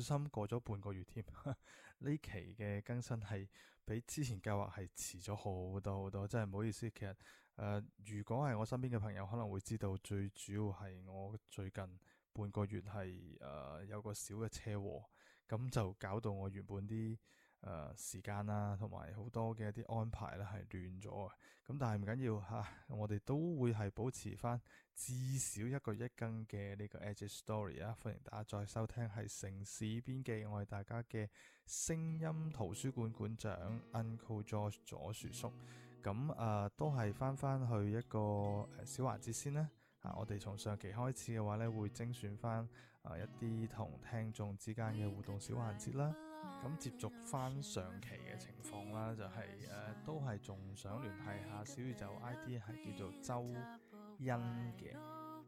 小心過咗半個月添，呢期嘅更新係比之前計劃係遲咗好多好多，真係唔好意思。其實，呃，如果係我身邊嘅朋友可能會知道，最主要係我最近半個月係誒，呃，有個小嘅車禍，咁就搞到我原本啲，誒、呃、時間啦、啊，同埋好多嘅一啲安排咧係亂咗啊。咁但係唔緊要嚇，我哋都會係保持翻至少一個月一更嘅呢個 Edge Story 啊！歡迎大家再收聽，係城事邊記，我係大家嘅聲音圖書館館長 Uncle Josh 左薯叔，咁誒、呃、都係翻翻去一個小環節先啦。啊，我哋從上期開始嘅話咧，會精選翻誒一啲同聽眾之間嘅互動小環節啦。咁接續翻上期嘅情況啦，就係、是、誒、呃、都係仲想聯繫下，小宇宙 I D 係叫做周音嘅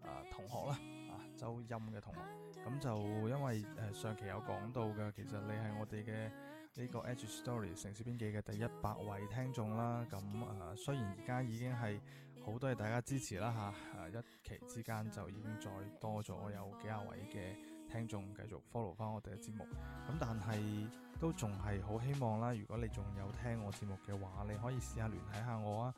啊同學啦，啊周音嘅同學，咁就因為誒、呃、上期有講到嘅，其實你係我哋嘅呢個 Edge Story 城事邊記嘅第一百位聽眾啦，咁、嗯、啊、呃、雖然而家已經係好多謝大家支持啦吓、啊，一期之間就已經再多咗有幾廿位嘅。聽眾繼續 follow 翻我哋嘅節目，噉但係都仲係好希望啦。如果你仲有聽我節目嘅話，你可以試下聯繫下我啊。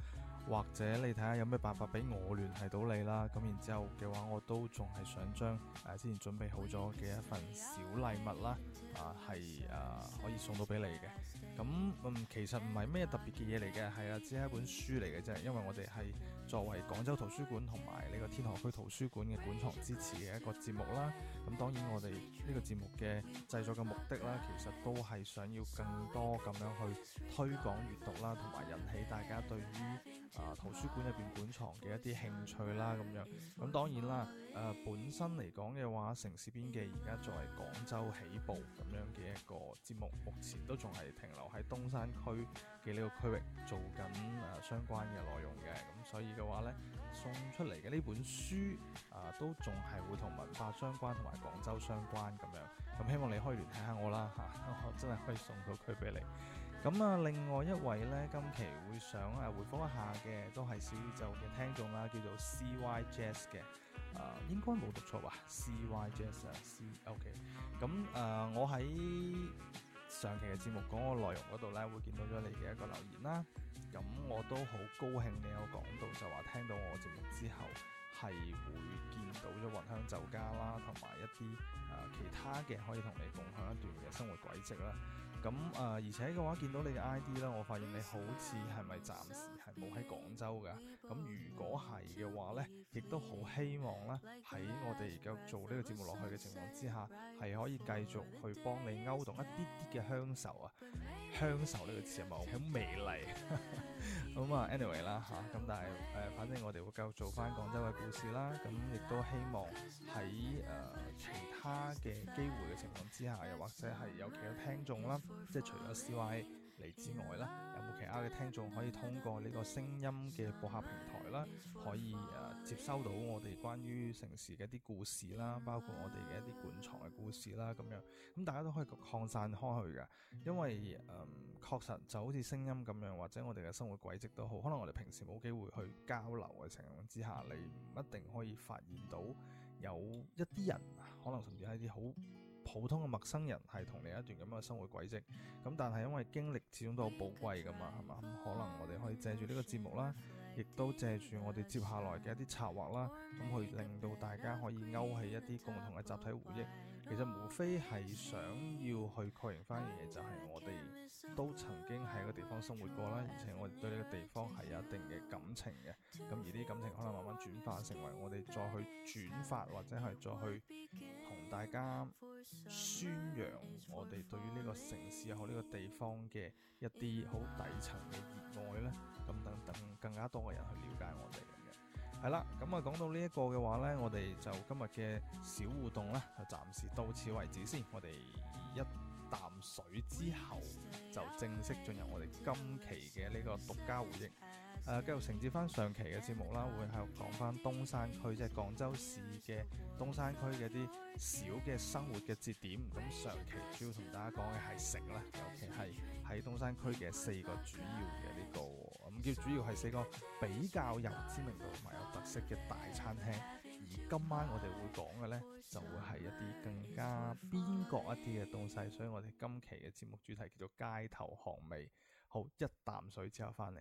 或者你睇下有咩辦法俾我聯繫到你啦，咁然之後嘅話，我都仲係想將誒之前準備好咗嘅一份小禮物啦，啊係啊可以送到俾你嘅。咁嗯其實唔係咩特別嘅嘢嚟嘅，係啊只係一本書嚟嘅啫。因為我哋係作為廣州圖書館同埋呢個天河區圖書館嘅館藏支持嘅一個節目啦。咁當然我哋呢個節目嘅製作嘅目的啦，其實都係想要更多咁樣去推廣閱讀啦，同埋引起大家對於啊！圖書館入邊館藏嘅一啲興趣啦，咁樣咁當然啦。誒、呃、本身嚟講嘅話，城事邊記而家作為廣州起步咁樣嘅一個節目，目前都仲係停留喺東山區嘅呢個區域做緊誒、啊、相關嘅內容嘅。咁所以嘅話呢，送出嚟嘅呢本書啊，都仲係會同文化相關同埋廣州相關咁樣。咁希望你可以聯繫下我啦嚇、啊，我真係可以送到佢俾你。咁啊，另外一位咧，今期會想啊回覆一下嘅，都係小宇宙嘅聽眾啦，叫做 cyJess 嘅，啊、呃、應該冇讀錯吧？cyJess 啊，C.O.K. 咁啊，C, okay. 嗯呃、我喺上期嘅節目嗰個內容嗰度咧，會見到咗你嘅一個留言啦。咁、嗯、我都好高興你有講到，就話聽到我節目之後係會見到咗雲香酒家啦，同埋一啲啊、呃、其他嘅可以同你共享一段嘅生活軌跡啦。咁誒、呃，而且嘅話見到你嘅 ID 咧，我發現你好似係咪暫時係冇喺廣州噶？咁如果係嘅話咧，亦都好希望咧，喺我哋而家做呢個節目落去嘅情況之下，係可以繼續去幫你勾動一啲啲嘅鄉愁啊！享受呢個字係咪好美麗咁啊？Anyway 啦嚇，咁但係誒，反正我哋會繼續做翻廣州嘅故事啦。咁亦都希望喺誒、呃、其他嘅機會嘅情況之下，又或者係有其他聽眾啦，即係除咗 C Y。嚟之外咧，有冇其他嘅聽眾可以通過呢個聲音嘅播客平台啦，可以誒、啊、接收到我哋關於城市嘅一啲故事啦，包括我哋嘅一啲館藏嘅故事啦咁樣，咁、嗯、大家都可以擴散開去嘅，因為，誒、嗯、確實就好似聲音咁樣，或者我哋嘅生活軌跡都好，可能我哋平時冇機會去交流嘅情況之下，你唔一定可以發現到有一啲人可能甚至係啲好。普通嘅陌生人係同你一段咁嘅生活軌跡，咁但係因為經歷始終都好寶貴噶嘛，係嘛？咁、嗯、可能我哋可以借住呢個節目啦，亦都借住我哋接下來嘅一啲策劃啦，咁、嗯、去令到大家可以勾起一啲共同嘅集體回憶，其實無非係想要去確認翻嘅嘢，就係我哋都曾經喺一個地方生活過啦，而且我哋對呢個地方係有一定嘅感情嘅。咁、嗯、而啲感情可能慢慢轉化成為我哋再去轉發或者係再去。嗯大家宣揚我哋對於呢個城市或呢個地方嘅一啲好底層嘅熱愛咧，咁等等更加多嘅人去了解我哋嘅係啦。咁啊，講到呢一個嘅話呢，我哋就今日嘅小互動呢，就暫時到此為止先。我哋一啖水之後，就正式進入我哋今期嘅呢個獨家回應。誒繼、啊、續承接翻上期嘅節目啦，會喺度講翻東山區即係廣州市嘅東山區嘅啲小嘅生活嘅節點。咁上期主要同大家講嘅係食啦，尤其係喺東山區嘅四個主要嘅呢、這個，咁、嗯、叫主要係四個比較有知名度同埋有特色嘅大餐廳。而今晚我哋會講嘅呢，就會係一啲更加邊角一啲嘅東西。所以我哋今期嘅節目主題叫做「街頭巷尾」。好，一啖水之後翻嚟。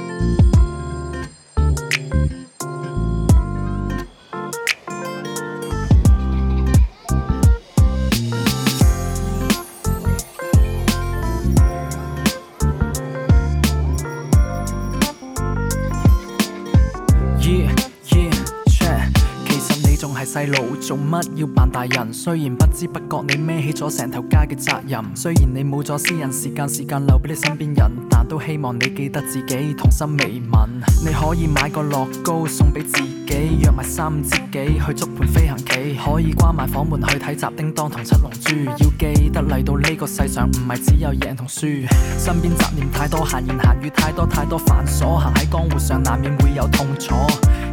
細路做乜要扮大人？雖然不知不覺你孭起咗成頭家嘅責任，雖然你冇咗私人時間，時間留俾你身邊人，但都希望你記得自己童心未泯。你可以買個樂高送俾自己，約埋三五知己去捉盤飛行棋，可以關埋房門去睇《雜叮當》同《七龍珠》。要記得嚟到呢個世上唔係只有贏同輸，身邊雜念太多，閒言閒語太多太多繁瑣，行喺江湖上難免會有痛楚，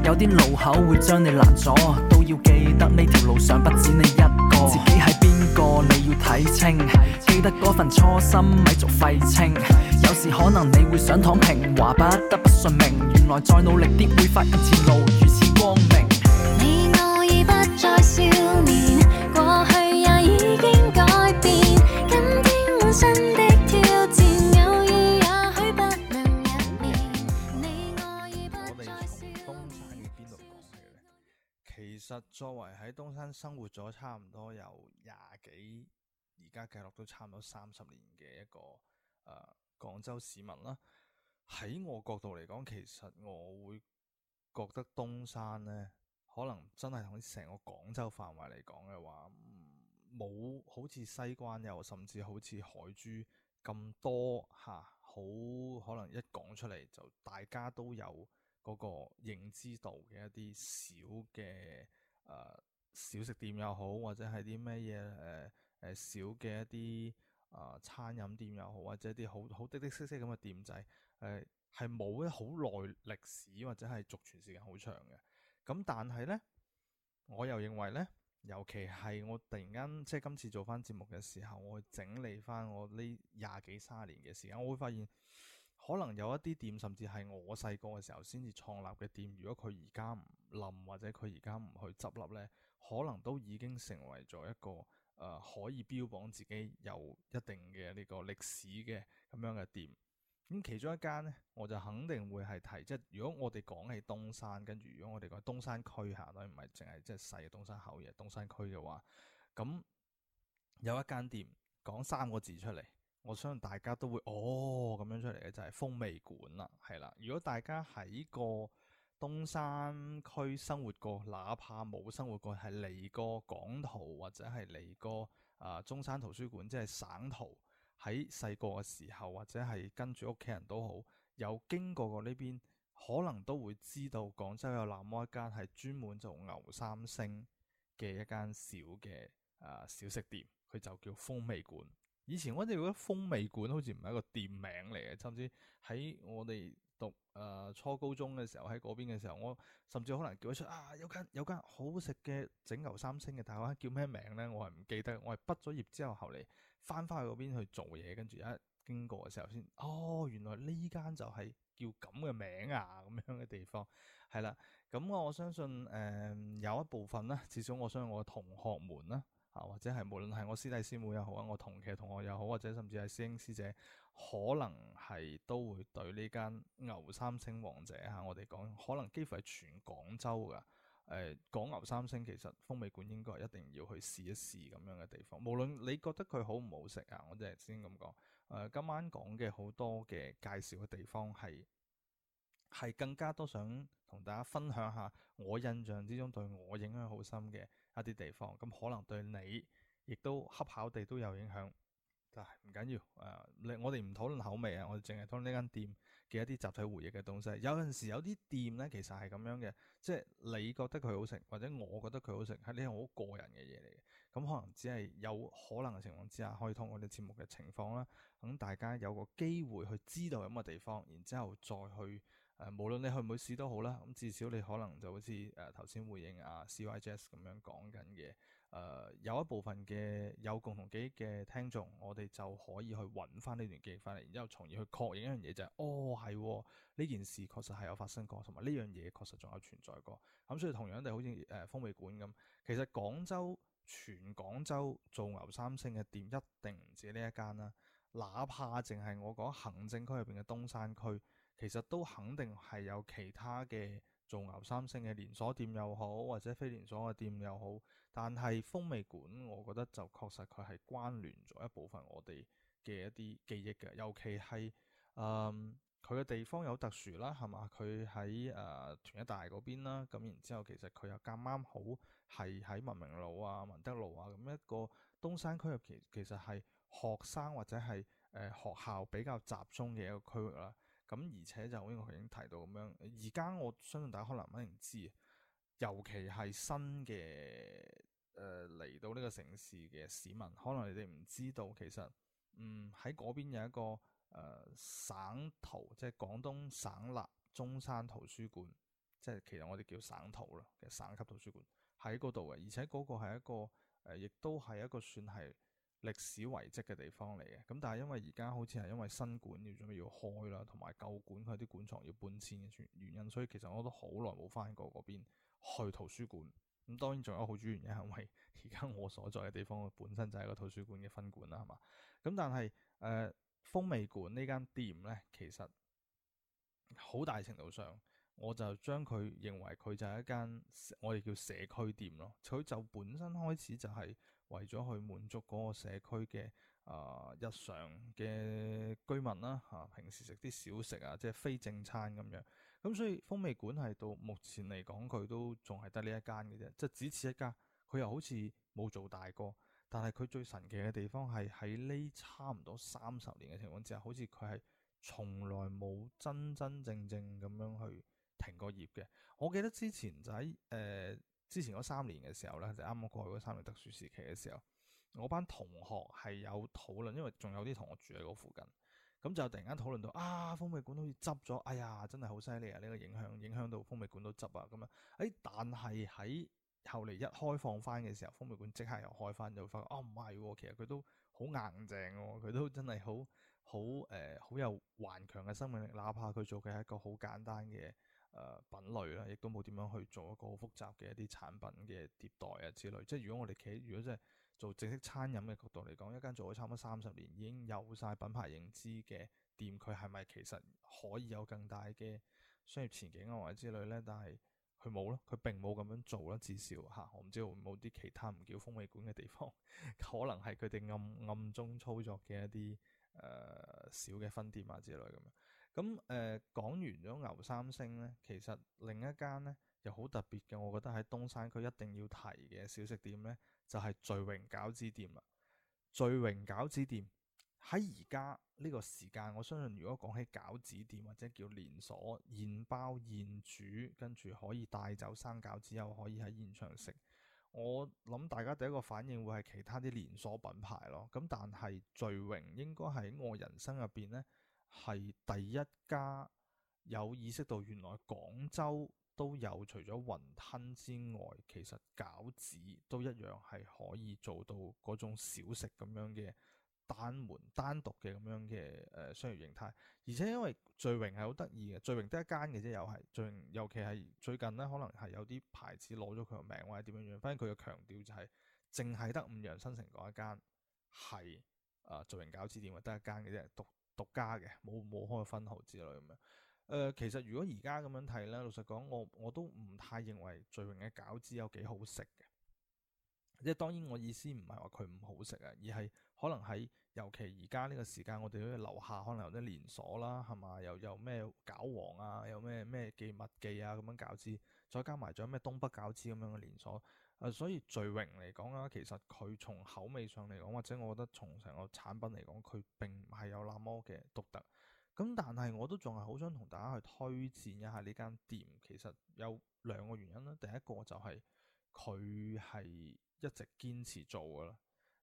有啲路口會將你攔咗，都要記。記得呢條路上不止你一個，自己係邊個你要睇清。記得份初心咪做廢青。有時可能你會想躺平，話不得不順命。原來再努力啲會發現前路如此光明。你我已不再笑。作為喺東山生活咗差唔多有廿幾，而家計落都差唔多三十年嘅一個誒、呃、廣州市民啦，喺我角度嚟講，其實我會覺得東山呢，可能真係同成個廣州範圍嚟講嘅話，冇、嗯、好似西關又甚至好似海珠咁多嚇，好可能一講出嚟就大家都有嗰個認知度嘅一啲小嘅。誒、呃、小食店又好，或者係啲咩嘢誒誒小嘅一啲啊、呃、餐飲店又好，或者啲好好滴滴色色咁嘅店仔，誒係冇好耐歷史或者係續傳時間好長嘅。咁但係咧，我又認為咧，尤其係我突然間即係今次做翻節目嘅時候，我去整理翻我呢廿幾三十年嘅時間，我會發現。可能有一啲店，甚至係我細個嘅時候先至創立嘅店。如果佢而家唔冧，或者佢而家唔去執笠咧，可能都已經成為咗一個誒、呃、可以標榜自己有一定嘅呢個歷史嘅咁樣嘅店。咁、嗯、其中一間咧，我就肯定會係提。即係如果我哋講起東山，跟住如果我哋講東山區吓咧，唔係淨係即係細嘅東山口嘅東山區嘅話，咁有一間店，講三個字出嚟。我相信大家都會哦咁樣出嚟嘅，就係風味館啦，係啦。如果大家喺個東山區生活過，哪怕冇生活過，係嚟過港圖或者係嚟過啊、呃、中山圖書館，即係省圖，喺細個嘅時候或者係跟住屋企人都好有經過過呢邊，可能都會知道廣州有那麼一間係專門做牛三星嘅一間小嘅啊、呃、小食店，佢就叫風味館。以前我哋覺得風味館好似唔係一個店名嚟嘅，甚至喺我哋讀誒、呃、初高中嘅時候，喺嗰邊嘅時候，我甚至可能叫得出啊有間有間好食嘅整牛三星嘅大灣，叫咩名咧？我係唔記得，我係畢咗業之後，後嚟翻返去嗰邊去做嘢，跟住一經過嘅時候先，哦，原來呢間就係叫咁嘅名啊，咁樣嘅地方係啦。咁我相信誒、呃、有一部分啦，至少我相信我嘅同學們啦。或者係無論係我師弟師妹又好，我同期同學又好，或者甚至係師兄師姐，可能係都會對呢間牛三星王者嚇、啊，我哋講可能幾乎係全廣州噶。誒、呃，講牛三星其實風味館應該一定要去試一試咁樣嘅地方。無論你覺得佢好唔好食啊，我哋先咁講。誒、呃，今晚講嘅好多嘅介紹嘅地方係係更加多想同大家分享下我印象之中對我影響好深嘅一啲地方咁可能對你亦都恰巧地都有影響，但係唔緊要，呃，我哋唔討論口味啊，我哋淨係討論呢間店嘅一啲集體回憶嘅東西。有陣時有啲店呢，其實係咁樣嘅，即係你覺得佢好食，或者我覺得佢好食，係啲好個人嘅嘢嚟嘅。咁可能只係有可能嘅情況之下，可以通過啲節目嘅情況啦，等大家有個機會去知道咁嘅地方，然之後再去。誒、啊，無論你去唔去試都好啦，咁至少你可能就好似誒頭先回應啊 CYJS 咁樣講緊嘅，誒、呃、有一部分嘅有共同記憶嘅聽眾，我哋就可以去揾翻呢段記憶翻嚟，然之後從而去確認一樣嘢就係、是，哦係呢件事確實係有發生過，同埋呢樣嘢確實仲有存在過。咁、嗯、所以同樣地，好似誒風味館咁，其實廣州全廣州做牛三星嘅店一定唔止呢一間啦，哪怕淨係我講行政區入邊嘅東山區。其實都肯定係有其他嘅做牛三星嘅連鎖店又好，或者非連鎖嘅店又好。但係風味館，我覺得就確實佢係關聯咗一部分我哋嘅一啲記憶嘅。尤其係誒佢嘅地方有特殊啦，係嘛？佢喺誒團一大嗰邊啦。咁然之後，其實佢又咁啱好係喺文明路啊、文德路啊，咁一個東山區入其其實係學生或者係誒、呃、學校比較集中嘅一個區域啦。咁而且就好似我已經提到咁樣，而家我相信大家可能唔知，尤其係新嘅誒嚟到呢個城市嘅市民，可能你哋唔知道，其實嗯喺嗰邊有一個誒、呃、省圖，即係廣東省立中山圖書館，即係其實我哋叫省圖啦，其實省級圖書館喺嗰度嘅，而且嗰個係一個誒、呃，亦都係一個算係歷史遺跡嘅地方嚟嘅，咁但係因為而家好似係因為新館要準備要開啦，同埋舊館佢啲館藏要搬遷嘅原因，所以其實我都好耐冇返過嗰邊去圖書館。咁當然仲有好主要原因係因為而家我所在嘅地方本身就係一個圖書館嘅分館啦，係嘛？咁但係誒，風味館呢間店呢，其實好大程度上，我就將佢認為佢就係一間我哋叫社區店咯。佢就本身開始就係。為咗去滿足嗰個社區嘅啊、呃、日常嘅居民啦、啊，嚇、啊、平時食啲小食啊，即係非正餐咁樣。咁、嗯、所以風味館係到目前嚟講，佢都仲係得呢一間嘅啫，即係只此一間。佢又好似冇做大過，但係佢最神奇嘅地方係喺呢差唔多三十年嘅情況之下，好似佢係從來冇真真正正咁樣去停過業嘅。我記得之前就喺誒。呃之前嗰三年嘅時候呢，就啱、是、啱過去嗰三年特殊時期嘅時候，我班同學係有討論，因為仲有啲同學住喺嗰附近，咁就突然間討論到啊，風味館好似執咗，哎呀，真係好犀利啊！呢、這個影響影響到風味館都執啊，咁樣，誒、哎，但係喺後嚟一開放翻嘅時候，風味館即刻又開翻，就會發覺哦，唔係喎，其實佢都好硬淨喎、啊，佢都真係好好誒，好、呃、有頑強嘅生命力，哪怕佢做嘅係一個好簡單嘅。品類啦，亦都冇點樣去做一個好複雜嘅一啲產品嘅迭代啊之類。即係如果我哋企，如果即係做正式餐飲嘅角度嚟講，一間做咗差唔多三十年，已經有晒品牌認知嘅店，佢係咪其實可以有更大嘅商業前景啊或者之類咧？但係佢冇咯，佢並冇咁樣做啦。至少吓，我唔知道有冇啲其他唔叫風味館嘅地方，可能係佢哋暗暗中操作嘅一啲誒、呃、小嘅分店啊之類咁樣。咁誒、嗯、講完咗牛三星呢，其實另一間呢又好特別嘅，我覺得喺東山區一定要提嘅小食店呢，就係、是、聚榮餃子店啦。聚榮餃子店喺而家呢個時間，我相信如果講起餃子店或者叫連鎖現包現煮，跟住可以帶走生餃子又可以喺現場食，我諗大家第一個反應會係其他啲連鎖品牌咯。咁但係聚榮應該喺我人生入邊呢，係第一家有意識到原來廣州都有除咗雲吞之外，其實餃子都一樣係可以做到嗰種小食咁樣嘅單門單獨嘅咁樣嘅誒、呃、商業形態。而且因為聚榮係好得意嘅，聚榮得一間嘅啫，又係聚榮，尤其係最近咧，可能係有啲牌子攞咗佢個名或者點樣樣。反正佢嘅強調就係淨係得五羊新城嗰一間係誒聚榮餃子店，或得一間嘅啫，獨獨家嘅冇冇開分號之類咁樣誒，其實如果而家咁樣睇咧，老實講，我我都唔太認為聚榮嘅餃子有幾好食嘅。即係當然，我意思唔係話佢唔好食啊，而係可能喺尤其而家呢個時間，我哋啲樓下可能有啲連鎖啦，係嘛？又有咩餃王啊，又咩咩記物記啊咁樣餃子，再加埋仲有咩東北餃子咁樣嘅連鎖。所以聚榮嚟講啦，其實佢從口味上嚟講，或者我覺得從成個產品嚟講，佢並唔係有那麼嘅獨特。咁但係我都仲係好想同大家去推薦一下呢間店。其實有兩個原因啦。第一個就係佢係一直堅持做噶啦。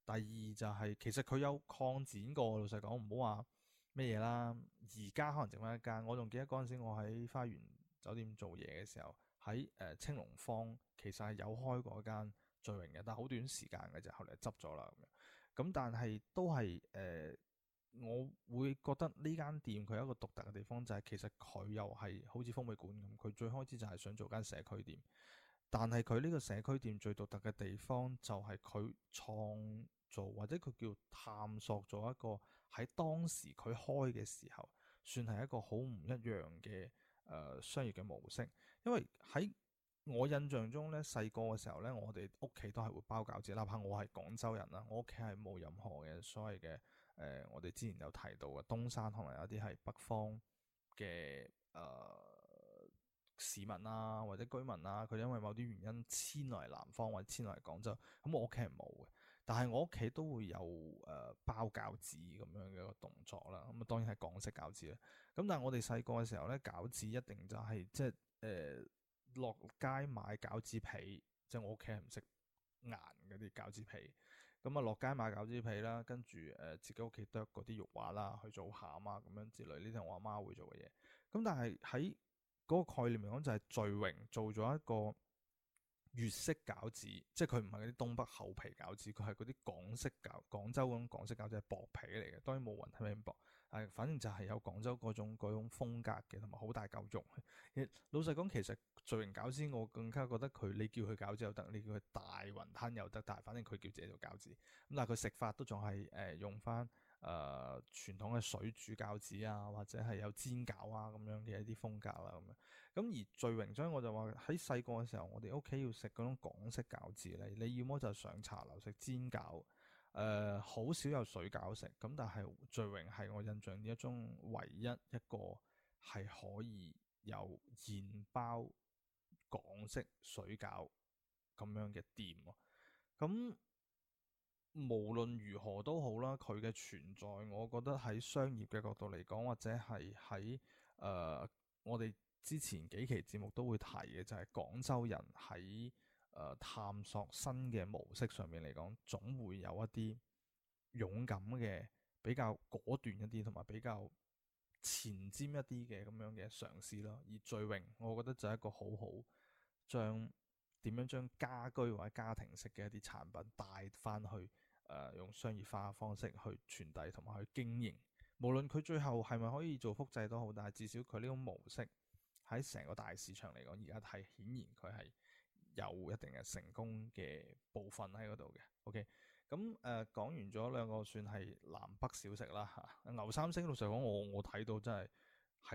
第二就係，其實佢有擴展過。老實講，唔好話咩嘢啦。而家可能剩翻一間。我仲記得嗰陣時我喺花園酒店做嘢嘅時候。喺誒青龍坊其實係有開過一間聚榮嘅，但係好短時間嘅就後嚟執咗啦咁樣。咁但係都係誒、呃，我會覺得呢間店佢有一個獨特嘅地方就係、是、其實佢又係好似風味館咁，佢最開始就係想做間社區店，但係佢呢個社區店最獨特嘅地方就係佢創造或者佢叫探索咗一個喺當時佢開嘅時候算係一個好唔一樣嘅誒、呃、商業嘅模式。因為喺我印象中咧，細個嘅時候咧，我哋屋企都係會包餃子。哪怕我係廣州人啦，我屋企係冇任何嘅所謂嘅，誒、呃，我哋之前有提到嘅東山可能有啲係北方嘅誒、呃、市民啦、啊、或者居民啦、啊，佢因為某啲原因遷嚟南方或者遷嚟廣州，咁、嗯、我屋企係冇嘅。但係我屋企都會有誒、呃、包餃子咁樣嘅一個動作啦。咁、嗯、啊，當然係港式餃子啦。咁但係我哋細個嘅時候咧，餃子一定就係、是、即係。誒落、呃、街買餃子皮，即係我屋企係唔識硬嗰啲餃子皮，咁啊落街買餃子皮啦，跟住誒、呃、自己屋企剁嗰啲肉話啦，去做餡啊，咁樣之類，呢啲我阿媽，媽會做嘅嘢。咁但係喺嗰個概念嚟講，就係聚榮做咗一個粵式餃子，即係佢唔係嗰啲東北厚皮餃子，佢係嗰啲廣式餃、廣州嗰種廣式餃子係薄皮嚟嘅。當然冇雲吞係咪薄？係，反正就係有廣州嗰種種嗰風格嘅，同埋好大嚿肉。老實講，其實聚榮餃子我更加覺得佢，你叫佢餃子又得，你叫佢大雲吞又得，但係反正佢叫自己做餃子。咁但係佢食法都仲係誒用翻誒傳統嘅水煮餃子啊，或者係有煎餃啊咁樣嘅一啲風格啦、啊、咁樣。咁而聚榮，所以我就話喺細個嘅時候，我哋屋企要食嗰種港式餃子咧，你要麼就上茶樓食煎餃。誒好、呃、少有水餃食，咁但係聚榮係我印象之中唯一一個係可以有現包港式水餃咁樣嘅店咯、啊。咁、嗯、無論如何都好啦，佢嘅存在，我覺得喺商業嘅角度嚟講，或者係喺誒我哋之前幾期節目都會提嘅，就係、是、廣州人喺，誒探索新嘅模式上面嚟講，總會有一啲勇敢嘅，比較果斷一啲，同埋比較前瞻一啲嘅咁樣嘅嘗試咯。而聚榮我覺得就係一個好好將點樣將家居或者家庭式嘅一啲產品帶翻去誒、呃，用商業化嘅方式去傳遞同埋去經營，無論佢最後係咪可以做複製都好，但係至少佢呢種模式喺成個大市場嚟講，而家係顯然佢係有一定嘅成功嘅部分喺嗰度嘅。OK，咁誒、呃、講完咗兩個算係南北小食啦嚇。牛三星老實講，我我睇到真係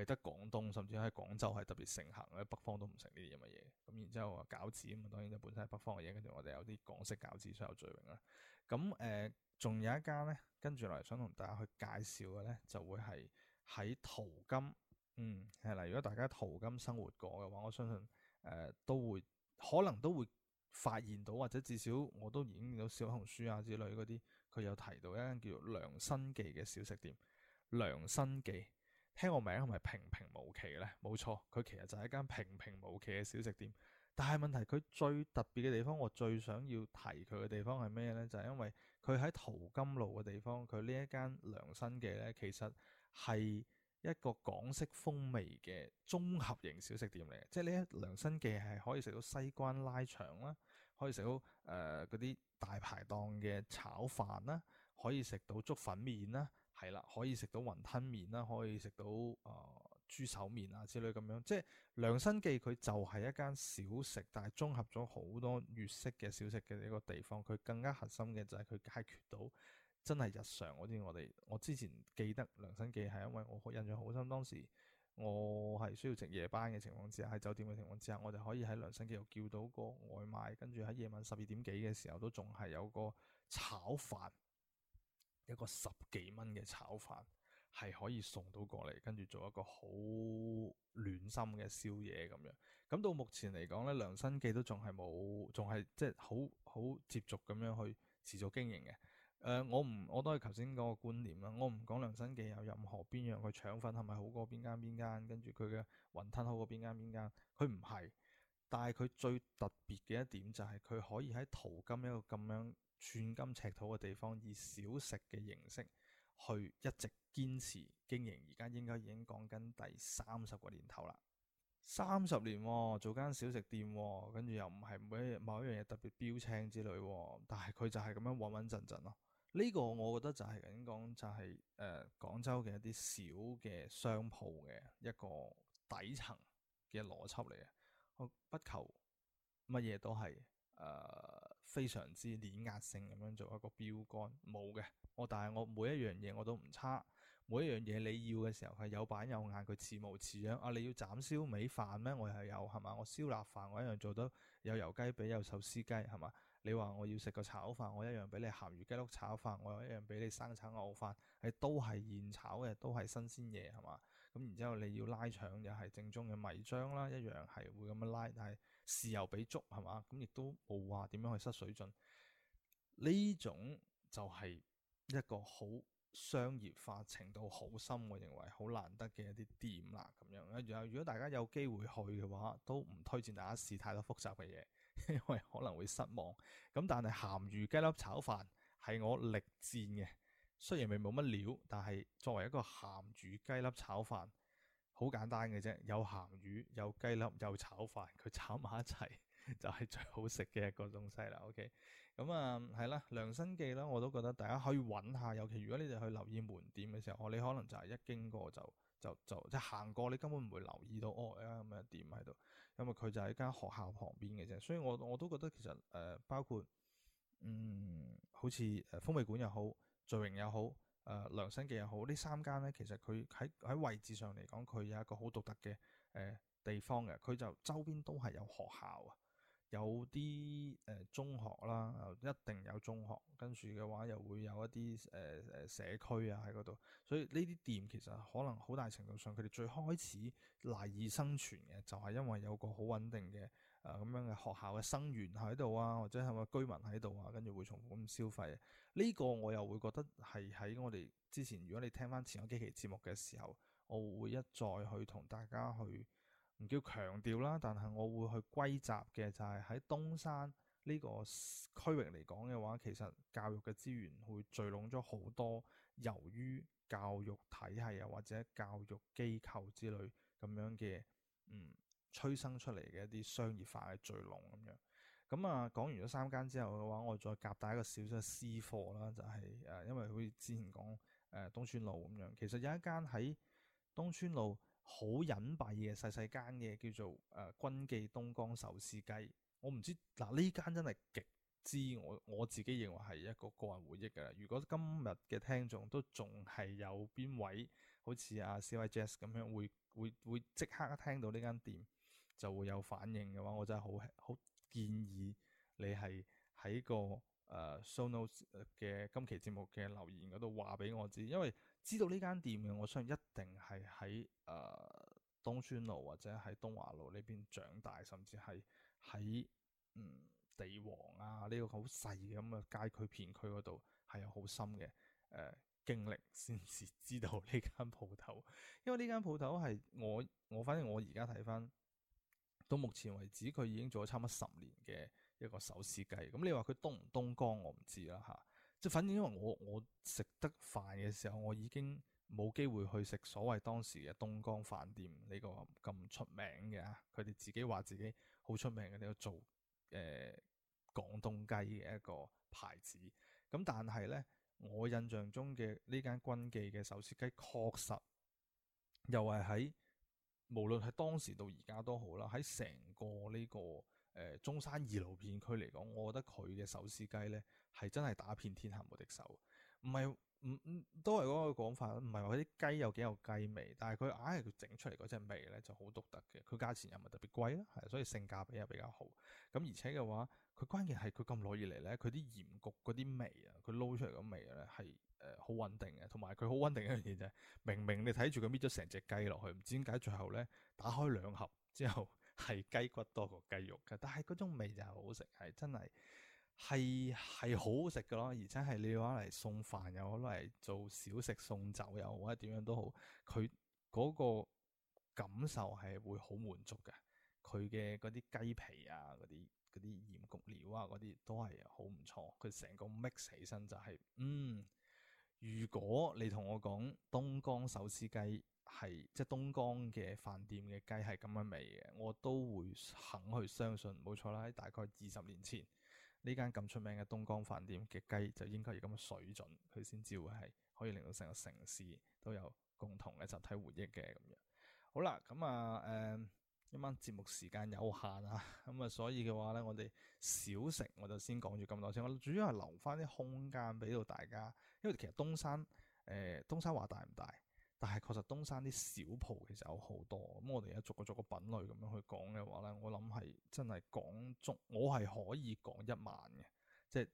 係得廣東，甚至喺廣州係特別盛行咧，北方都唔食呢啲咁嘅嘢。咁然之後啊，餃子啊嘛，當然本身係北方嘅嘢，跟住我哋有啲港式餃子所以有著名啦。咁誒，仲、呃、有一間咧，跟住落嚟想同大家去介紹嘅咧，就會係喺淘金。嗯，係啦，如果大家淘金生活過嘅話，我相信誒、呃、都會。可能都會發現到，或者至少我都已經見到小紅書啊之類嗰啲，佢有提到一間叫做梁新記嘅小食店。梁新記，聽我名係咪平平無奇呢？冇錯，佢其實就係一間平平無奇嘅小食店。但係問題佢最特別嘅地方，我最想要提佢嘅地方係咩呢？就係、是、因為佢喺淘金路嘅地方，佢呢一間梁新記呢，其實係。一個港式風味嘅綜合型小食店嚟嘅，即係呢一梁新記係可以食到西關拉腸啦，可以食到誒嗰啲大排檔嘅炒飯啦，可以食到粥粉麵啦，係啦，可以食到雲吞麵啦，可以食到誒、呃、豬手麵啊之類咁樣。即係梁新記佢就係一間小食，但係綜合咗好多粵式嘅小食嘅一個地方。佢更加核心嘅就係佢解決到。真係日常啲，我哋我之前記得梁新記係因為我印象好深，當時我係需要值夜班嘅情況之下，喺酒店嘅情況之下，我哋可以喺梁新記度叫到個外賣，跟住喺夜晚十二點幾嘅時候都仲係有個炒飯，一個十幾蚊嘅炒飯係可以送到過嚟，跟住做一個好暖心嘅宵夜咁樣。咁到目前嚟講呢，梁新記都仲係冇，仲係即係好好接續咁樣去持續經營嘅。誒、呃，我唔，我都係頭先講個觀念啦。我唔講梁新記有任何邊樣嘅腸粉係咪好過邊間邊間，跟住佢嘅雲吞好過邊間邊間，佢唔係，但係佢最特別嘅一點就係佢可以喺淘金一個咁樣寸金尺土嘅地方，以小食嘅形式去一直堅持經營。而家應該已經講緊第三十個年頭啦，三十年、哦、做間小食店、哦，跟住又唔係每某一樣嘢特別標青之類、哦，但係佢就係咁樣穩穩陣陣咯。呢個我覺得就係點講，就係、是、誒、呃、廣州嘅一啲小嘅商鋪嘅一個底層嘅邏輯嚟嘅。我不求乜嘢都係誒、呃、非常之碾壓性咁樣做一個標杆，冇嘅。我但係我每一樣嘢我都唔差，每一樣嘢你要嘅時候係有板有眼，佢似模似樣。啊，你要斬燒味飯咩？我係有係嘛？我燒臘飯我一樣做得，有油雞髀有手撕雞係嘛？你話我要食個炒飯，我一樣俾你鹹魚雞粒炒飯；我一樣俾你生炒牛飯，係都係現炒嘅，都係新鮮嘢，係嘛？咁然之後你要拉腸，又係正宗嘅米漿啦，一樣係會咁樣拉。但係豉油俾足，係嘛？咁亦都冇話點樣去失水準。呢種就係一個好商業化程度好深，我認為好難得嘅一啲店啦。咁樣，然後如果大家有機會去嘅話，都唔推薦大家試太多複雜嘅嘢。因為可能會失望，咁但係鹹魚雞粒炒飯係我力薦嘅，雖然未冇乜料，但係作為一個鹹魚雞粒炒飯，好簡單嘅啫，有鹹魚，有雞粒，有炒飯，佢炒埋一齊就係、是、最好食嘅一個東西、okay? 嗯、啦。OK，咁啊係啦，梁新記啦，我都覺得大家可以搵下，尤其如果你哋去留意門店嘅時候，我你可能就係一經過就。就就即行過，你根本唔會留意到哦，咁嘅點喺度，因為佢就喺間學校旁邊嘅啫。所以我我都覺得其實誒、呃，包括嗯，好似誒風味館又好，聚榮又好，誒梁新記又好，三呢三間咧，其實佢喺喺位置上嚟講，佢有一個好獨特嘅誒、呃、地方嘅，佢就周邊都係有學校啊。有啲誒、呃、中學啦，一定有中學，跟住嘅話又會有一啲誒誒社區啊喺嗰度，所以呢啲店其實可能好大程度上佢哋最開始賴以生存嘅，就係因為有個好穩定嘅誒咁樣嘅學校嘅生源喺度啊，或者係咪居民喺度啊，跟住會從咁消費。呢個我又會覺得係喺我哋之前，如果你聽翻前幾期節目嘅時候，我會一再去同大家去。唔叫強調啦，但係我會去歸集嘅就係喺東山呢個區域嚟講嘅話，其實教育嘅資源會聚攏咗好多，由於教育體系又或者教育機構之類咁樣嘅，嗯，催生出嚟嘅一啲商業化嘅聚攏咁樣。咁啊，講完咗三間之後嘅話，我再夾帶一個小小嘅私貨啦，就係、是、誒、啊，因為好似之前講誒、啊、東川路咁樣，其實有一間喺東川路。好隱蔽嘅細細間嘅叫做誒、呃、君記東江手撕雞，我唔知嗱呢、啊、間真係極之我我自己認為係一個個人回憶㗎啦。如果今日嘅聽眾都仲係有邊位好似阿、啊、C Y J S 咁樣會會會即刻聽到呢間店就會有反應嘅話，我真係好好建議你係喺個。誒 show notes 嘅今期節目嘅留言嗰度話俾我知，因為知道呢間店嘅我，相信一定係喺誒東川路或者喺東華路呢邊長大，甚至係喺嗯地王啊呢個好細咁嘅街區片區嗰度係有好深嘅誒、uh, 經歷，先至知道呢間鋪頭。 因為呢間鋪頭係我我反正我而家睇翻到目前為止，佢已經做咗差唔多十年嘅。一個手撕雞，咁、嗯、你話佢東唔東江，我唔知啦嚇。即、啊、反正因為我我食得飯嘅時候，我已經冇機會去食所謂當時嘅東江飯店呢、呢個咁出名嘅。佢哋自己話自己好出名嘅，呢、呢個做誒、呃、廣東雞嘅一個牌子。咁、嗯、但係呢，我印象中嘅呢間君記嘅手撕雞，確實又係喺無論係當時到而家都好啦，喺成個呢、呢個，誒中山二路片區嚟講，我覺得佢嘅手撕雞咧係真係打遍天下無敵手。唔係唔都係嗰個講法。唔係話啲雞有幾有雞味，但係佢硬係佢整出嚟嗰隻味咧就好獨特嘅。佢價錢又唔係特別貴啦，係所以性價比又比較好。咁而且嘅話，佢關鍵係佢咁耐以嚟咧，佢啲鹽焗嗰啲味啊，佢撈出嚟嘅味咧係誒好穩定嘅。同埋佢好穩定一樣嘢就係，明明你睇住佢搣咗成隻雞落去，唔知點解最後咧打開兩盒之後。 係雞骨多過雞肉嘅，但係嗰種味就係好食，係真係係係好食嘅咯。而且係你攞嚟送飯又攞嚟做小食送酒又或者點樣都好，佢嗰個感受係會好滿足嘅。佢嘅嗰啲雞皮啊，嗰啲啲鹽焗料啊，嗰啲都係好唔錯。佢成個 mix 起身就係、是、嗯，如果你同我講東江手撕雞。係即係東江嘅飯店嘅雞係咁樣味嘅，我都會肯去相信冇錯啦。喺大概二十年前呢間咁出名嘅東江飯店嘅雞就應該要咁嘅水準，佢先至會係可以令到成個城市都有共同嘅集體回憶嘅咁樣。好啦，咁啊誒、呃，今晚節目時間有限啊，咁 啊、嗯、所以嘅話呢，我哋小食我就先講住咁多先，我主要係留翻啲空間俾到大家，因為其實東山誒、呃、東山話大唔大？但係確實東山啲小鋪其實有好多，咁我哋而家逐個逐個品類咁樣去講嘅話呢，我諗係真係講足，我係可以講一晚嘅，即係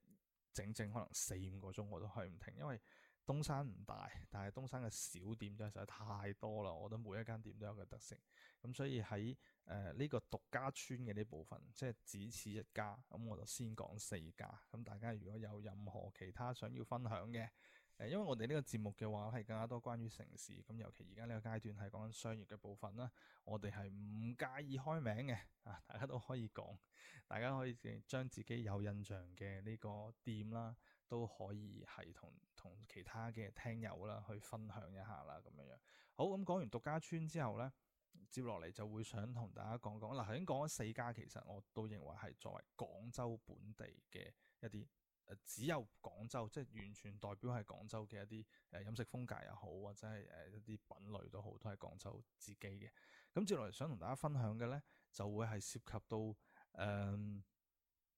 整整可能四五個鐘我都可以唔停，因為東山唔大，但係東山嘅小店真係實在太多啦，我覺得每一間店都有個特色，咁所以喺誒呢個獨家村嘅呢部分，即係只此一家，咁我就先講四家，咁大家如果有任何其他想要分享嘅。因為我哋呢個節目嘅話係更加多關於城市，咁尤其而家呢個階段係講緊商業嘅部分啦，我哋係唔介意開名嘅，啊，大家都可以講，大家可以將自己有印象嘅呢個店啦，都可以係同同其他嘅聽友啦去分享一下啦，咁樣樣。好，咁講完獨家村之後呢，接落嚟就會想同大家講講嗱，頭先講咗四家，其實我都認為係作為廣州本地嘅一啲。只有廣州，即係完全代表係廣州嘅一啲誒飲食風格又好，或者係誒一啲品類都好，都係廣州自己嘅。咁接落嚟想同大家分享嘅呢，就會係涉及到誒、嗯，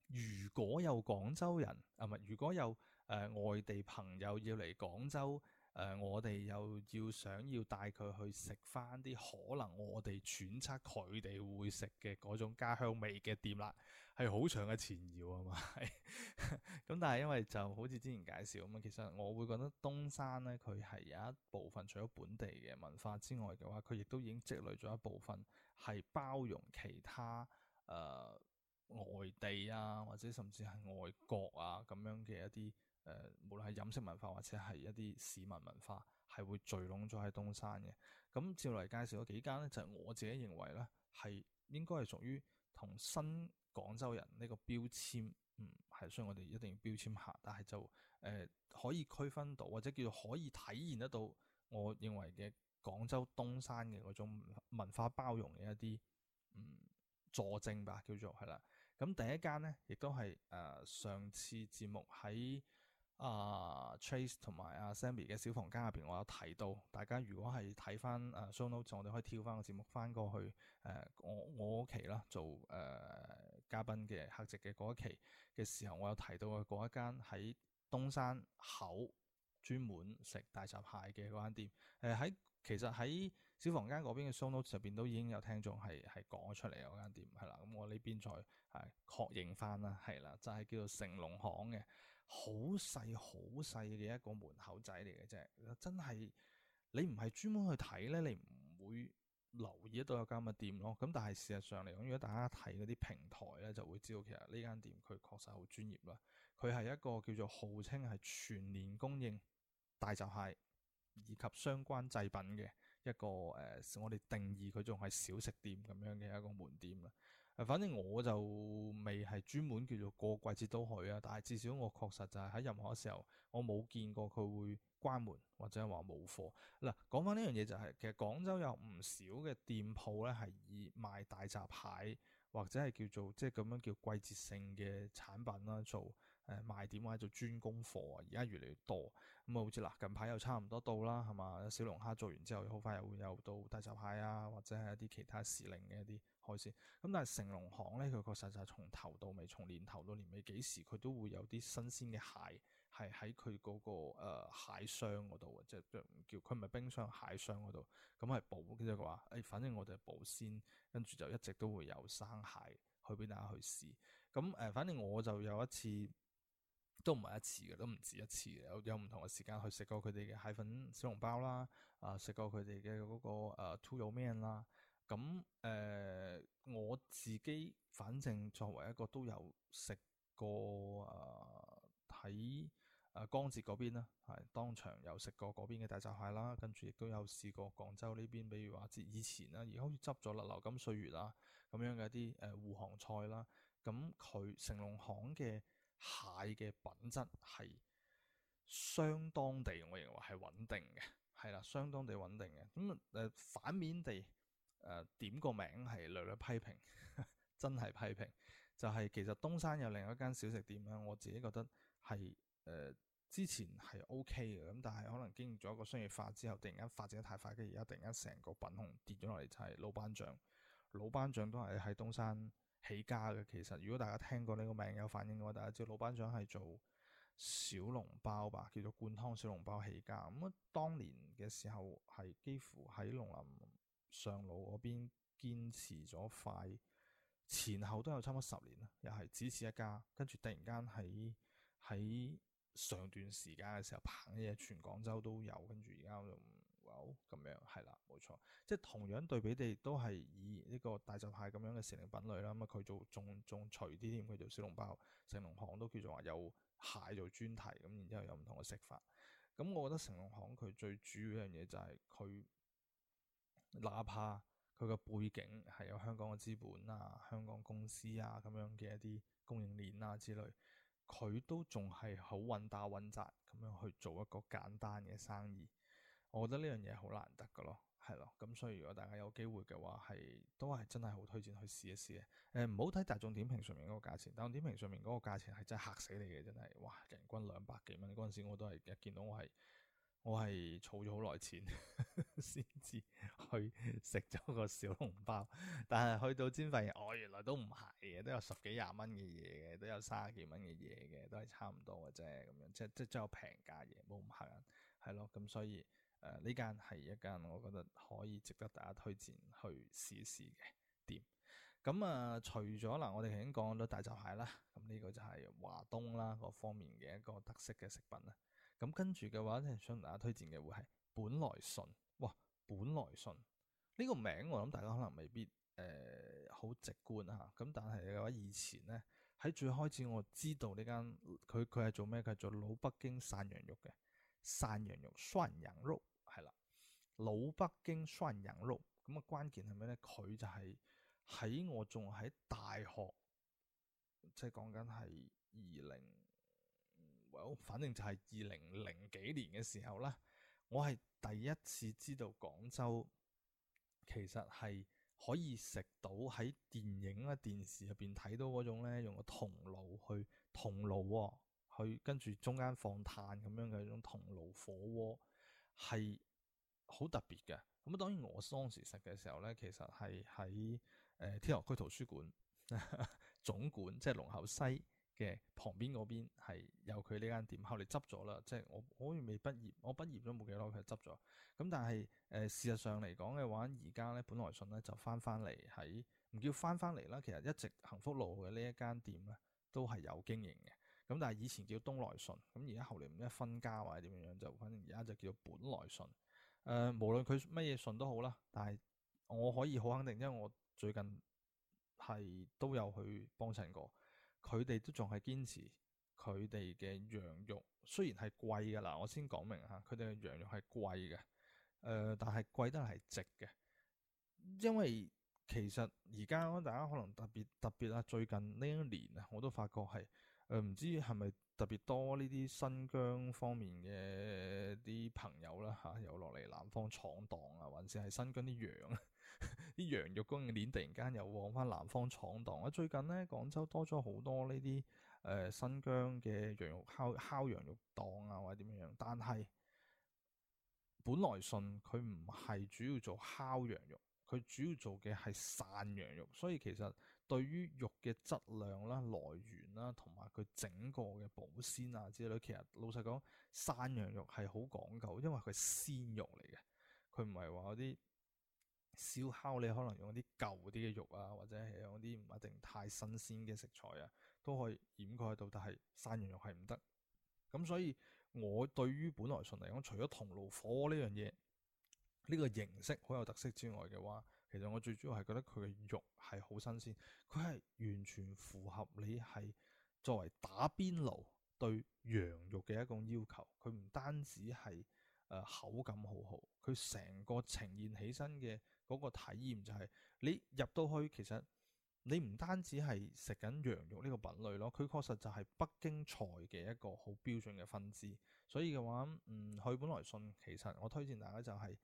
如果有廣州人，啊唔係如果有誒、呃、外地朋友要嚟廣州。誒、呃，我哋又要想要帶佢去食翻啲可能我哋揣測佢哋會食嘅嗰種家鄉味嘅店啦，係好長嘅前搖啊嘛。咁 但係因為就好似之前介紹咁啊，其實我會覺得東山咧，佢係有一部分除咗本地嘅文化之外嘅話，佢亦都已經積累咗一部分係包容其他誒、呃、外地啊，或者甚至係外國啊咁樣嘅一啲。誒，無論係飲食文化或者係一啲市民文化，係會聚攏咗喺東山嘅。咁、嗯、照嚟介紹咗幾間呢就係、我自己認為呢係應該係屬於同新廣州人呢個標籤，嗯，係所以我哋一定要標籤下。但係就誒、呃，可以區分到或者叫做可以體現得到，我認為嘅廣州東山嘅嗰種文化，文化包容嘅一啲嗯佐證吧，叫做係啦。咁、嗯、第一間呢，亦都係誒、呃、上次節目喺。啊，Trace 同埋啊 Sammy 嘅小房間入邊，我有提到。大家如果係睇翻啊，show notes，我哋可以跳翻個節目，翻過去。誒、呃，我我期啦，做誒、呃、嘉賓嘅客席嘅嗰一期嘅時候，我有提到嘅嗰一間喺東山口專門食大閘蟹嘅嗰間店。誒、呃，喺其實喺小房間嗰邊嘅 show notes 上邊都已經有聽眾係係講出嚟嗰間店，係啦。咁我呢邊再係確認翻啦，係啦，就係、是、叫做成隆行嘅。好細好細嘅一個門口仔嚟嘅啫，真係你唔係專門去睇呢，你唔會留意得到有間嘅店咯。咁但係事實上嚟講，如果大家睇嗰啲平台呢，就會知道其實呢間店佢確實好專業啦。佢係一個叫做號稱係全年供應大閘蟹以及相關製品嘅一個誒、呃，我哋定義佢仲係小食店咁樣嘅一個門店啦。誒，反正我就未係專門叫做過季節都去啊，但係至少我確實就係喺任何嘅時候，我冇見過佢會關門或者係話冇貨。嗱，講翻呢樣嘢就係、是，其實廣州有唔少嘅店鋪咧，係以賣大閘蟹或者係叫做即係咁樣叫季節性嘅產品啦，做誒、呃、賣點或者做專供貨，而家越嚟越多。咁啊，好似嗱近排又差唔多到啦，係嘛？有小龍蝦做完之後，好快又會有到大閘蟹啊，或者係一啲其他時令嘅一啲。開咁，但係成隆行咧，佢確實就係從頭到尾，從年頭到年尾，幾時佢都會有啲新鮮嘅蟹，係喺佢嗰個蟹箱嗰度，即係叫佢唔係冰箱蟹箱嗰度，咁係保，跟住話誒，反正我哋係保鮮，跟住就一直都會有生蟹去俾大家去試。咁誒，反正我就有一次，都唔係一次嘅，都唔止一次嘅，有有唔同嘅時間去食過佢哋嘅蟹粉小籠包啦，啊，食過佢哋嘅嗰個誒滷油麵啦。咁誒、呃，我自己反正作為一個都有食過啊，喺啊江浙嗰邊啦，係當場有食過嗰邊嘅大閘蟹啦，跟住亦都有試過廣州呢邊，比如話之以前啦、啊，而家好似執咗甩流金歲月啦、啊、咁樣嘅一啲誒護航菜啦。咁、嗯、佢成龍行嘅蟹嘅品質係相當地，我認為係穩定嘅，係啦，相當地穩定嘅。咁誒、呃、反面地。誒、呃，點個名係略略批評，真係批評。就係、是、其實東山有另一間小食店咧，我自己覺得係誒、呃、之前係 O K 嘅咁，但係可能經歷咗一個商業化之後，突然間發展得太快，跟住而家突然間成個品控跌咗落嚟，就係、是、老班長。老班長都係喺東山起家嘅。其實如果大家聽過呢個名有反應嘅話，大家知道老班長係做小籠包吧，叫做灌湯小籠包起家。咁、嗯、啊當年嘅時候係幾乎喺農林。上路嗰邊堅持咗快前後都有差唔多十年啦，又係只此一家，跟住突然間喺喺上段時間嘅時候棒嘢，全廣州都有，跟住而家就冇咁樣，係啦，冇錯。即係同樣對比地，地都係以呢個大閘蟹咁樣嘅成隆品類啦，咁啊佢做仲仲隨啲添，佢做小籠包、成隆行都叫做話有蟹做專題，咁、嗯、然之後有唔同嘅食法。咁、嗯、我覺得成隆行佢最主要一樣嘢就係佢。哪怕佢個背景係有香港嘅資本啊、香港公司啊咁樣嘅一啲供應鏈啊之類，佢都仲係好穩打穩扎咁樣去做一個簡單嘅生意。我覺得呢樣嘢好難得噶咯，係咯。咁所以如果大家有機會嘅話，係都係真係好推薦去試一試嘅。誒唔好睇大眾點評上面嗰個價錢，大眾點評上面嗰個價錢係真係嚇死你嘅，真係。哇，人均兩百幾蚊嗰陣時，我都係一見到我係。我係儲咗好耐錢，先 至去食咗個小籠包。但係去到煎費，我原來都唔係嘅，都有十幾廿蚊嘅嘢嘅，都有三十幾蚊嘅嘢嘅，都係差唔多嘅啫。咁樣即係即係都有平價嘢，冇咁吓人，係咯。咁所以誒呢間係一間我覺得可以值得大家推薦去試試嘅店。咁啊，除咗嗱，我哋已經講咗大閘蟹啦，咁呢個就係華東啦，各方面嘅一個特色嘅食品啊。咁、嗯、跟住嘅話咧，想同大家推薦嘅會係本來順」。哇！本來順呢、這個名我諗大家可能未必誒好、呃、直觀嚇，咁、嗯、但係嘅話以前咧喺最開始我知道呢間佢佢係做咩？佢係做老北京涮羊肉嘅，涮羊肉、涮羊肉係啦，老北京涮羊肉。咁、嗯、啊關鍵係咩咧？佢就係、是、喺我仲喺大學，即係講緊係二零。反正就係二零零幾年嘅時候啦，我係第一次知道廣州其實係可以食到喺電影啊、電視入邊睇到嗰種咧，用個銅爐去銅爐去，跟住中間放炭咁樣嘅一種銅爐火鍋，係好特別嘅。咁啊，當然我當時食嘅時候咧，其實係喺誒天河區圖書館 總館，即係龍口西。嘅旁邊嗰邊係有佢呢間店，後嚟執咗啦。即係我我未畢業，我畢業都冇幾耐，佢執咗。咁但係誒、呃、事實上嚟講嘅話，而家咧本來順咧就翻翻嚟喺唔叫翻翻嚟啦。其實一直幸福路嘅呢一間店咧都係有經營嘅。咁但係以前叫東來順，咁而家後嚟唔知分家或者點樣，就反正而家就叫本來順。誒、呃，無論佢乜嘢順都好啦，但係我可以好肯定，因為我最近係都有去幫襯過。佢哋都仲係堅持佢哋嘅羊肉，雖然係貴噶啦，我先講明嚇，佢哋嘅羊肉係貴嘅，誒、呃，但係貴得係值嘅，因為其實而家大家可能特別特別啊，最近呢一年啊，我都發覺係誒，唔、呃、知係咪特別多呢啲新疆方面嘅啲朋友啦嚇，有落嚟南方闖蕩啊，還是係新疆啲羊？啲 羊肉供應鏈突然間又往翻南方闖蕩，我最近呢，廣州多咗好多呢啲誒新疆嘅羊肉烤烤羊肉檔啊，或者點樣？但係本來順佢唔係主要做烤羊肉，佢主要做嘅係涮羊肉。所以其實對於肉嘅質量啦、啊、來源啦、啊，同埋佢整個嘅保鮮啊之類，其實老實講，涮羊肉係好講究，因為佢鮮肉嚟嘅，佢唔係話嗰啲。燒烤你可能用啲舊啲嘅肉啊，或者用啲唔一定太新鮮嘅食材啊，都可以掩蓋到，但係山羊肉係唔得。咁所以，我對於本來順嚟講，除咗銅爐火呢樣嘢，呢、呢個形式好有特色之外嘅話，其實我最主要係覺得佢嘅肉係好新鮮，佢係完全符合你係作為打邊爐對羊肉嘅一種要求。佢唔單止係誒、呃、口感好好，佢成個呈現起身嘅～嗰個體驗就係你入到去，其實你唔單止係食緊羊肉呢個品類咯，佢確實就係北京菜嘅一個好標準嘅分支。所以嘅話，嗯，佢本來順其實我推薦大家就係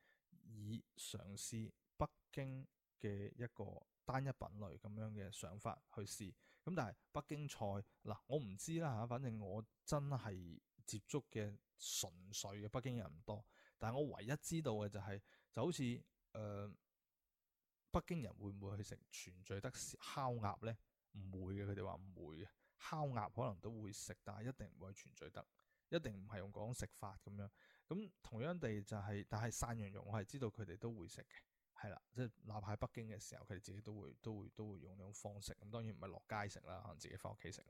以嘗試北京嘅一個單一品類咁樣嘅想法去試。咁但係北京菜嗱，我唔知啦嚇，反正我真係接觸嘅純粹嘅北京人唔多。但係我唯一知道嘅就係、是、就好似誒。呃北京人會唔會去食全聚德烤鴨呢？唔會嘅，佢哋話唔會嘅。烤鴨可能都會食，但係一定唔會去全聚德，一定唔係用嗰食法咁樣。咁、嗯、同樣地就係、是，但係涮羊肉我係知道佢哋都會食嘅，係啦，即係哪怕喺北京嘅時候，佢哋自己都會都會都會，都會用呢種方式。咁、嗯、當然唔係落街食啦，可能自己翻屋企食啦。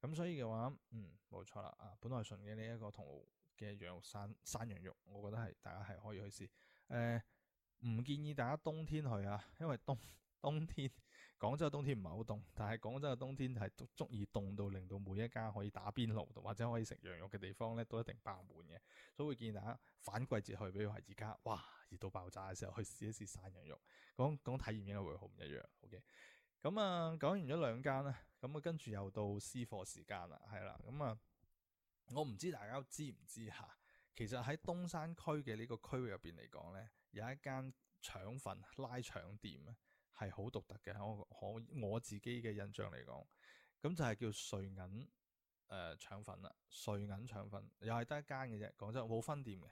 咁、嗯、所以嘅話，嗯，冇錯啦啊，本來順嘅呢一個同嘅羊肉涮涮羊肉，我覺得係大家係可以去試誒。呃唔建議大家冬天去啊，因為冬冬天廣州嘅冬天唔係好凍，但係廣州嘅冬天係足足以凍到令到每一間可以打邊爐或者可以食羊肉嘅地方咧，都一定爆滿嘅，所以會建議大家反季節去，比如話而家哇熱到爆炸嘅時候去試一試涮羊肉，講講體驗應該會好唔一樣。OK，咁、嗯、啊講完咗兩間啦，咁、嗯、啊跟住又到私貨時間啦，係啦，咁、嗯、啊我唔知大家知唔知嚇、啊，其實喺東山區嘅呢個區域入邊嚟講咧。有一間腸粉拉腸店啊，係好獨特嘅。我我我自己嘅印象嚟講，咁就係叫穗銀誒腸粉啦，穗銀腸粉又係得一間嘅啫。廣州冇分店嘅，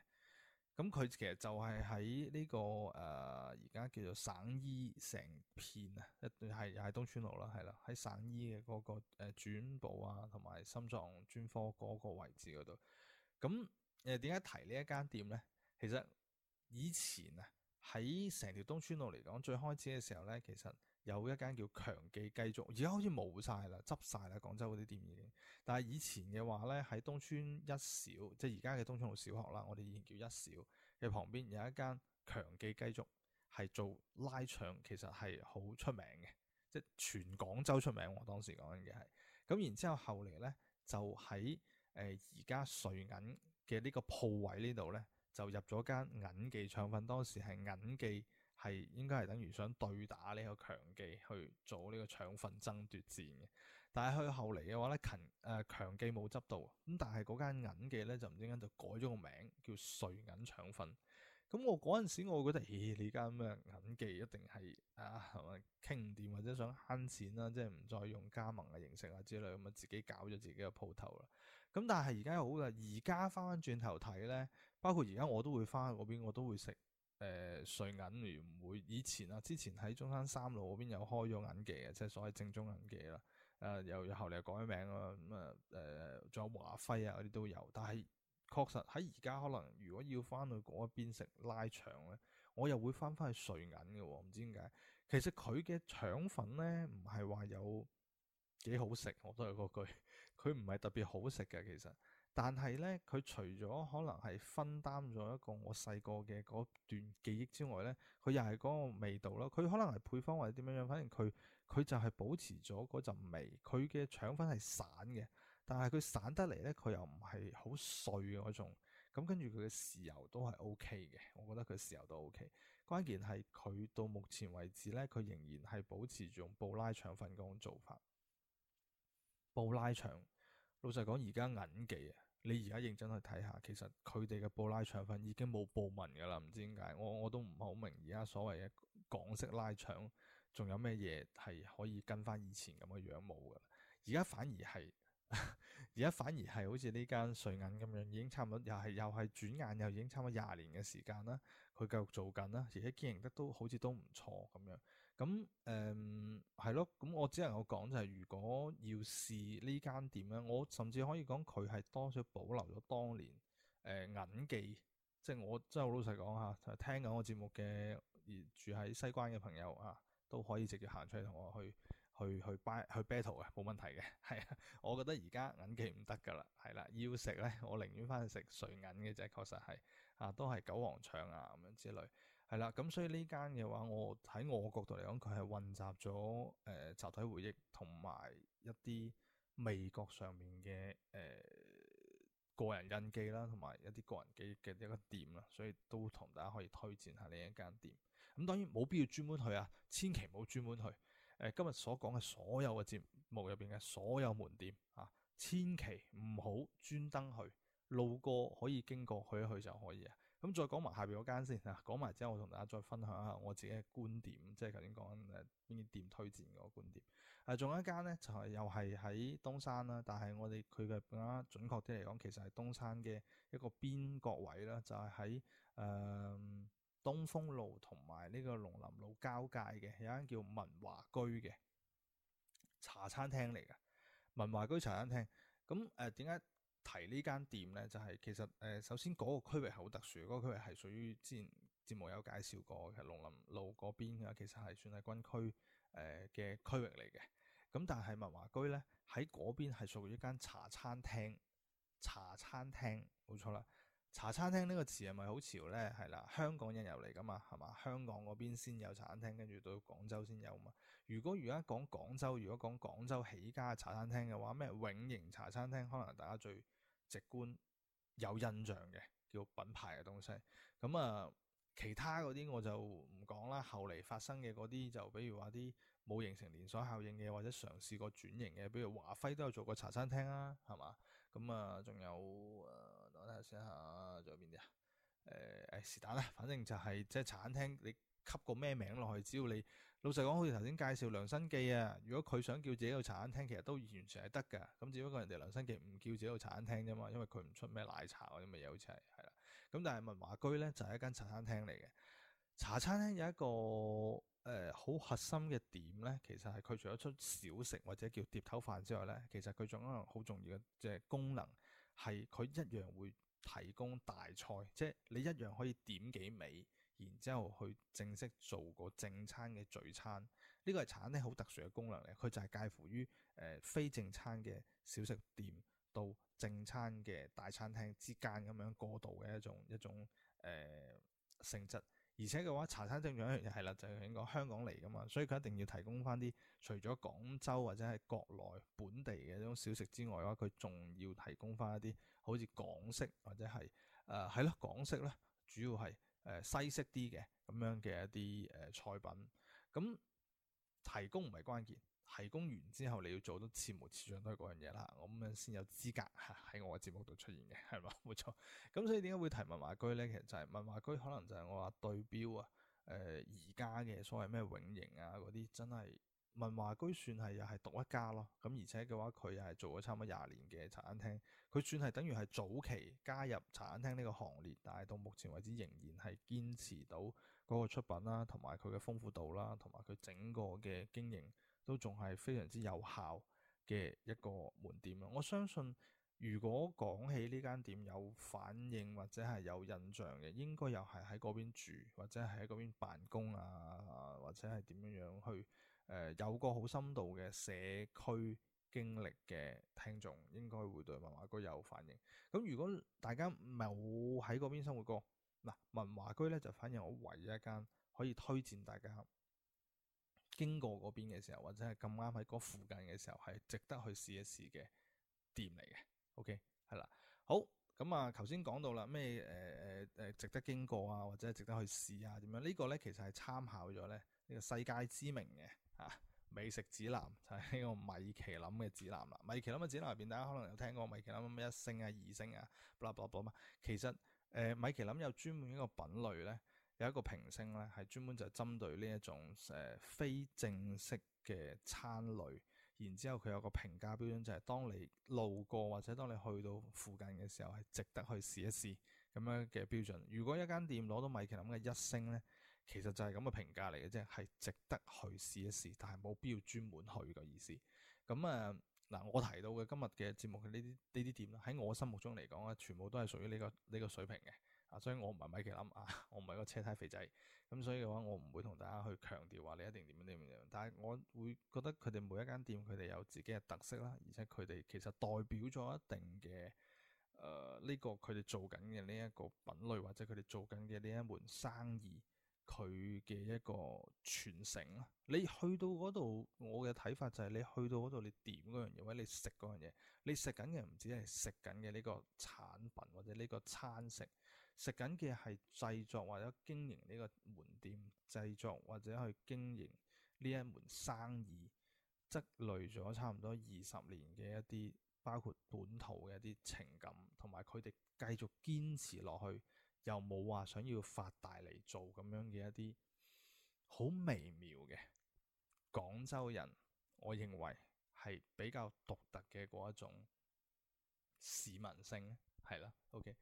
咁佢其實就係喺呢個誒而家叫做省醫成片，那個呃、啊，一段係喺東川路啦，係啦，喺省醫嘅嗰個誒轉部啊，同埋心臟專科嗰個位置嗰度。咁誒點解提一間呢一間店咧？其實以前啊，喺成條東川路嚟講，最開始嘅時候呢，其實有一間叫強記雞粥，而家好似冇晒啦，執晒啦，廣州嗰啲店已經。但係以前嘅話呢，喺東川一小，即係而家嘅東川路小學啦，我哋以前叫一小嘅旁邊有一間強記雞粥，係做拉腸，其實係好出名嘅，即係全廣州出名。我當時講嘅係，咁然之後後嚟呢，就喺誒而家穗銀嘅呢個鋪位呢度呢。就入咗間銀記腸粉，當時係銀記係應該係等於想對打呢個強記去做呢個腸粉爭奪戰嘅。但係去後嚟嘅話咧，勤誒強、呃、記冇執到，咁但係嗰間銀記咧就唔知點解就改咗個名叫穗銀腸粉。咁我嗰陣時我覺得，咦呢間咩銀記一定係啊係咪傾唔掂或者想慳錢啦，即係唔再用加盟嘅形式啊之類，咁啊自己搞咗自己嘅鋪頭啦。咁但係而家好噶，而家翻翻轉頭睇咧。包括而家我都會翻去嗰邊，我都會食誒穗銀蓮梅。以前啊，之前喺中山三路嗰邊有開咗銀記嘅，即係所謂正宗銀記啦。誒、呃，又後來又後嚟又改名啦。咁啊誒，仲有華輝啊嗰啲都有。但係確實喺而家可能，如果要翻去嗰邊食拉腸咧，我又會翻翻去穗銀嘅喎。唔知點解。其實佢嘅腸粉咧，唔係話有幾好食，我都係嗰句，佢唔係特別好食嘅其實。但係咧，佢除咗可能係分擔咗一個我細個嘅嗰段記憶之外咧，佢又係嗰個味道囉。佢可能係配方或者點樣樣，反正佢佢就係保持咗嗰陣味。佢嘅腸粉係散嘅，但係佢散得嚟咧，佢又唔係好碎嗰種。咁跟住佢嘅豉油都係 OK 嘅，我覺得佢豉油都 OK。關鍵係佢到目前為止咧，佢仍然係保持住用布拉腸粉嗰種做法。布拉腸。老實講，而家銀記啊，你而家認真去睇下，其實佢哋嘅布拉腸粉已經冇布紋噶啦，唔知點解，我我都唔係好明。而家所謂嘅港式拉腸，仲有咩嘢係可以跟翻以前咁嘅樣冇噶？而家反而係，而家反而係好似呢間穗銀咁樣，已經差唔多，又係又係轉眼又已經差唔多廿年嘅時間啦。佢繼續做緊啦，而且經營得都好似都唔錯咁樣。咁誒係咯，咁、嗯、我只能夠講就係，如果要試呢間店咧，我甚至可以講佢係多咗保留咗當年誒、呃、銀記，即係我真係好老實講嚇，聽緊我節目嘅住喺西關嘅朋友啊，都可以直接行出嚟同我去去去掰去 battle 嘅，冇問題嘅。係啊，我覺得而家銀記唔得㗎啦，係啦，要食咧，我寧願翻去食穗銀嘅啫，確實係啊，都係韭黃腸啊咁樣之類。係啦，咁、嗯、所以呢間嘅話，我喺我角度嚟講，佢係混雜咗誒、呃、集體回憶同埋一啲味覺上面嘅誒、呃、個人印記啦，同埋一啲個人記嘅一個店啦，所以都同大家可以推薦下呢一間店。咁、嗯、當然冇必要專門去啊，千祈唔好專門去。誒、呃、今日所講嘅所有嘅節目入邊嘅所有門店啊，千祈唔好專登去，路過可以經過去一去就可以啊。咁再講埋下邊嗰間先啊，講埋之後，我同大家再分享下我自己嘅觀點，即係頭先講誒邊啲店推薦嗰個觀點。仲，呃，有一間咧，就係又係喺東山啦，但係我哋佢嘅更加準確啲嚟講，其實係東山嘅一個邊角位啦，就係喺誒東風路同埋呢個龍林路交界嘅，有一間叫文華居嘅茶餐廳嚟嘅，文華居茶餐廳。咁誒點解？呃提呢間店呢，就係、是、其實誒、呃，首先嗰個區域係好特殊，嗰、那個區域係屬於之前節目有介紹過嘅龍林路嗰邊、啊、其實係算係軍區嘅、呃、區域嚟嘅。咁但係文華居呢，喺嗰邊係屬於一間茶餐廳，茶餐廳冇錯啦。茶餐廳呢個詞係咪好潮呢？係啦，香港人入嚟噶嘛，係嘛？香港嗰邊先有茶餐廳，跟住到廣州先有嘛。如果而家講廣州，如果講廣州起家茶餐廳嘅話，咩永盈茶餐廳可能大家最直觀有印象嘅叫品牌嘅東西。咁啊、呃，其他嗰啲我就唔講啦。後嚟發生嘅嗰啲就，比如話啲冇形成連鎖效應嘅，或者嘗試過轉型嘅，比如華輝都有做過茶餐廳啊，係嘛？咁啊，仲、呃、有、呃睇下先下，仲有邊啲啊？誒誒是但啦，反正就係、是、即係茶餐廳，你吸個咩名落去，只要你老實講，好似頭先介紹梁新記啊，如果佢想叫自己做茶餐廳，其實都完全係得㗎。咁只不過人哋梁新記唔叫自己做茶餐廳啫嘛，因為佢唔出咩奶茶嗰啲乜嘢，好似係係啦。咁但係文華居咧就係、是、一間茶餐廳嚟嘅。茶餐廳有一個誒好、呃、核心嘅點咧，其實係佢除咗出小食或者叫碟頭飯之外咧，其實佢仲可能好重要嘅即係功能。係佢一樣會提供大菜，即係你一樣可以點幾味，然之後去正式做個正餐嘅聚餐。呢、這個係餐廳好特殊嘅功能嚟，佢就係介乎於誒、呃、非正餐嘅小食店到正餐嘅大餐廳之間咁樣過渡嘅一種一種誒、呃、性質。而且嘅話，茶餐廳一樣係啦，就係應該香港嚟噶嘛，所以佢一定要提供翻啲除咗廣州或者係國內本地嘅一種小食之外，嘅話佢仲要提供翻一啲好似港式或者係誒，係咯港式啦，主要係誒、呃、西式啲嘅咁樣嘅一啲誒、呃、菜品。咁提供唔係關鍵。提供完之後，你要做到似模似樣都係嗰樣嘢啦，我咁樣先有資格喺我嘅節目度出現嘅，係嘛？冇錯。咁所以點解會提文華居呢？其實就係文華居可能就係我話對標啊，呃，而家嘅所謂咩永盈啊嗰啲，真係文華居算係又係獨一家咯。咁而且嘅話，佢又係做咗差唔多廿年嘅茶餐廳，佢算係等於係早期加入茶餐廳呢個行列，但係到目前為止仍然係堅持到嗰個出品啦、啊，同埋佢嘅豐富度啦、啊，同埋佢整個嘅經營。都仲係非常之有效嘅一個門店啊！我相信如果講起呢間店有反應或者係有印象嘅，應該又係喺嗰邊住或者喺嗰邊辦公啊，或者係點樣樣去誒、呃、有個好深度嘅社區經歷嘅聽眾，應該會對文華居有反應。咁如果大家冇喺嗰邊生活過，嗱文華居呢就反而我唯一一間可以推薦大家。經過嗰邊嘅時候，或者係咁啱喺嗰附近嘅時候，係值得去試一試嘅店嚟嘅。OK，係啦。好咁啊，頭先講到啦，咩誒誒誒值得經過啊，或者值得去試啊點樣？這個、呢個咧其實係參考咗咧呢、這個世界知名嘅啊美食指南，就係、是、呢個米其林嘅指南啦。米其林嘅指南入邊，大家可能有聽過米其林一星啊、二星啊，卜啦卜啦，其實誒、呃、米其林有專門一個品類咧。有一個評星咧，係專門就係針對呢一種誒、呃、非正式嘅餐類，然之後佢有個評價標準，就係、是、當你路過或者當你去到附近嘅時候，係值得去試一試咁樣嘅標準。如果一間店攞到米其林嘅一星咧，其實就係咁嘅評價嚟嘅啫，係值得去試一試，但係冇必要專門去嘅意思。咁啊嗱，我提到嘅今日嘅節目嘅呢啲呢啲店咧，喺我心目中嚟講咧，全部都係屬於呢個呢、呢個水平嘅。所以我唔係米其林啊，我唔係個車胎肥仔咁，所以嘅話，我唔會同大家去強調話你一定點樣點樣。但係，我會覺得佢哋每一間店佢哋有自己嘅特色啦，而且佢哋其實代表咗一定嘅誒呢個佢哋做緊嘅呢一個品類，或者佢哋做緊嘅呢一門生意佢嘅一個傳承啦。你去到嗰度，我嘅睇法就係你去到嗰度，你點嗰樣嘢或者你食嗰樣嘢，你食緊嘅唔止係食緊嘅呢個產品或者呢個餐食。食緊嘅係製作或者經營呢個門店，製作或者去經營呢一門生意，積累咗差唔多二十年嘅一啲，包括本土嘅一啲情感，同埋佢哋繼續堅持落去，又冇話想要發大嚟做咁樣嘅一啲，好微妙嘅廣州人，我認為係比較獨特嘅嗰一種市民性。係啦，OK，咁、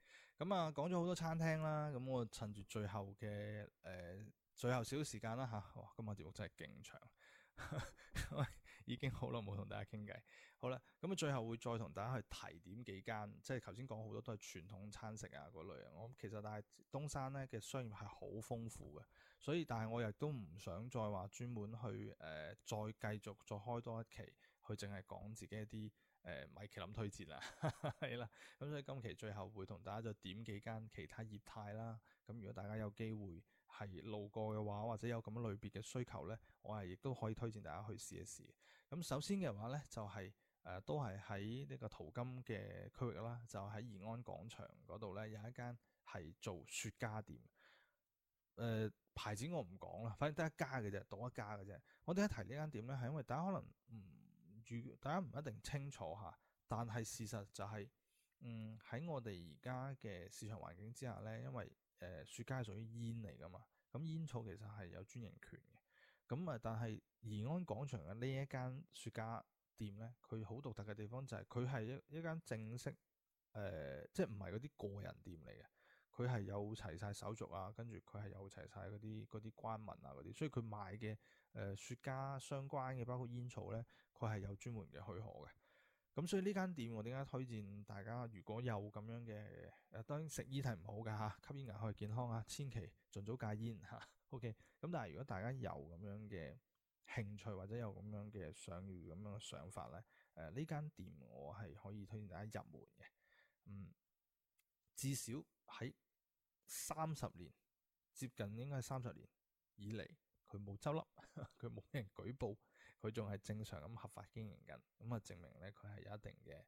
嗯、啊，講咗好多餐廳啦，咁、嗯、我趁住最後嘅誒、呃、最後少少時間啦吓、啊，哇，今日節目真係勁長！ 已經好耐冇同大家傾偈，好啦，咁、嗯、啊最後會再同大家去提點幾間，即係頭先講好多都係傳統餐食啊嗰類啊，我其實但係東山咧嘅商業係好豐富嘅，所以但係我亦都唔想再話專門去誒、呃、再繼續再開多一期去淨係講自己一啲。誒，米、呃、其林推薦啊，係 啦，咁所以今期最後會同大家就點幾間其他業態啦。咁如果大家有機會係路過嘅話，或者有咁樣類別嘅需求呢，我係亦都可以推薦大家去試一試。咁首先嘅話呢，就係、是、誒、呃，都係喺呢個淘金嘅區域啦，就喺宜安廣場嗰度呢，有一間係做雪茄店。誒、呃，牌子我唔講啦，反正得一家嘅啫，獨一家嘅啫。我點解提呢間店呢，係因為大家可能、嗯大家唔一定清楚嚇，但係事實就係、是，嗯喺我哋而家嘅市場環境之下呢，因為誒、呃、雪茄係屬於煙嚟噶嘛，咁、嗯、煙草其實係有專營權嘅，咁、嗯、啊但係宜安廣場嘅呢一間雪茄店呢，佢好獨特嘅地方就係佢係一一間正式誒、呃，即係唔係嗰啲個人店嚟嘅，佢係有齊晒手續啊，跟住佢係有齊晒嗰啲啲關文啊嗰啲，所以佢賣嘅。誒、呃，雪茄相關嘅，包括煙草咧，佢係有專門嘅許可嘅。咁所以呢間店我點解推薦大家？如果有咁樣嘅、啊，當然食煙係唔好嘅吓，吸煙危害健康啊，千祈盡早戒煙吓、啊。OK，咁但係如果大家有咁樣嘅興趣或者有咁樣嘅想要咁樣嘅想法咧，誒呢間店我係可以推薦大家入門嘅。嗯，至少喺三十年接近應該係三十年以嚟。佢冇執笠，佢冇人舉報，佢仲係正常咁合法經營緊。咁啊，證明咧佢係有一定嘅誒、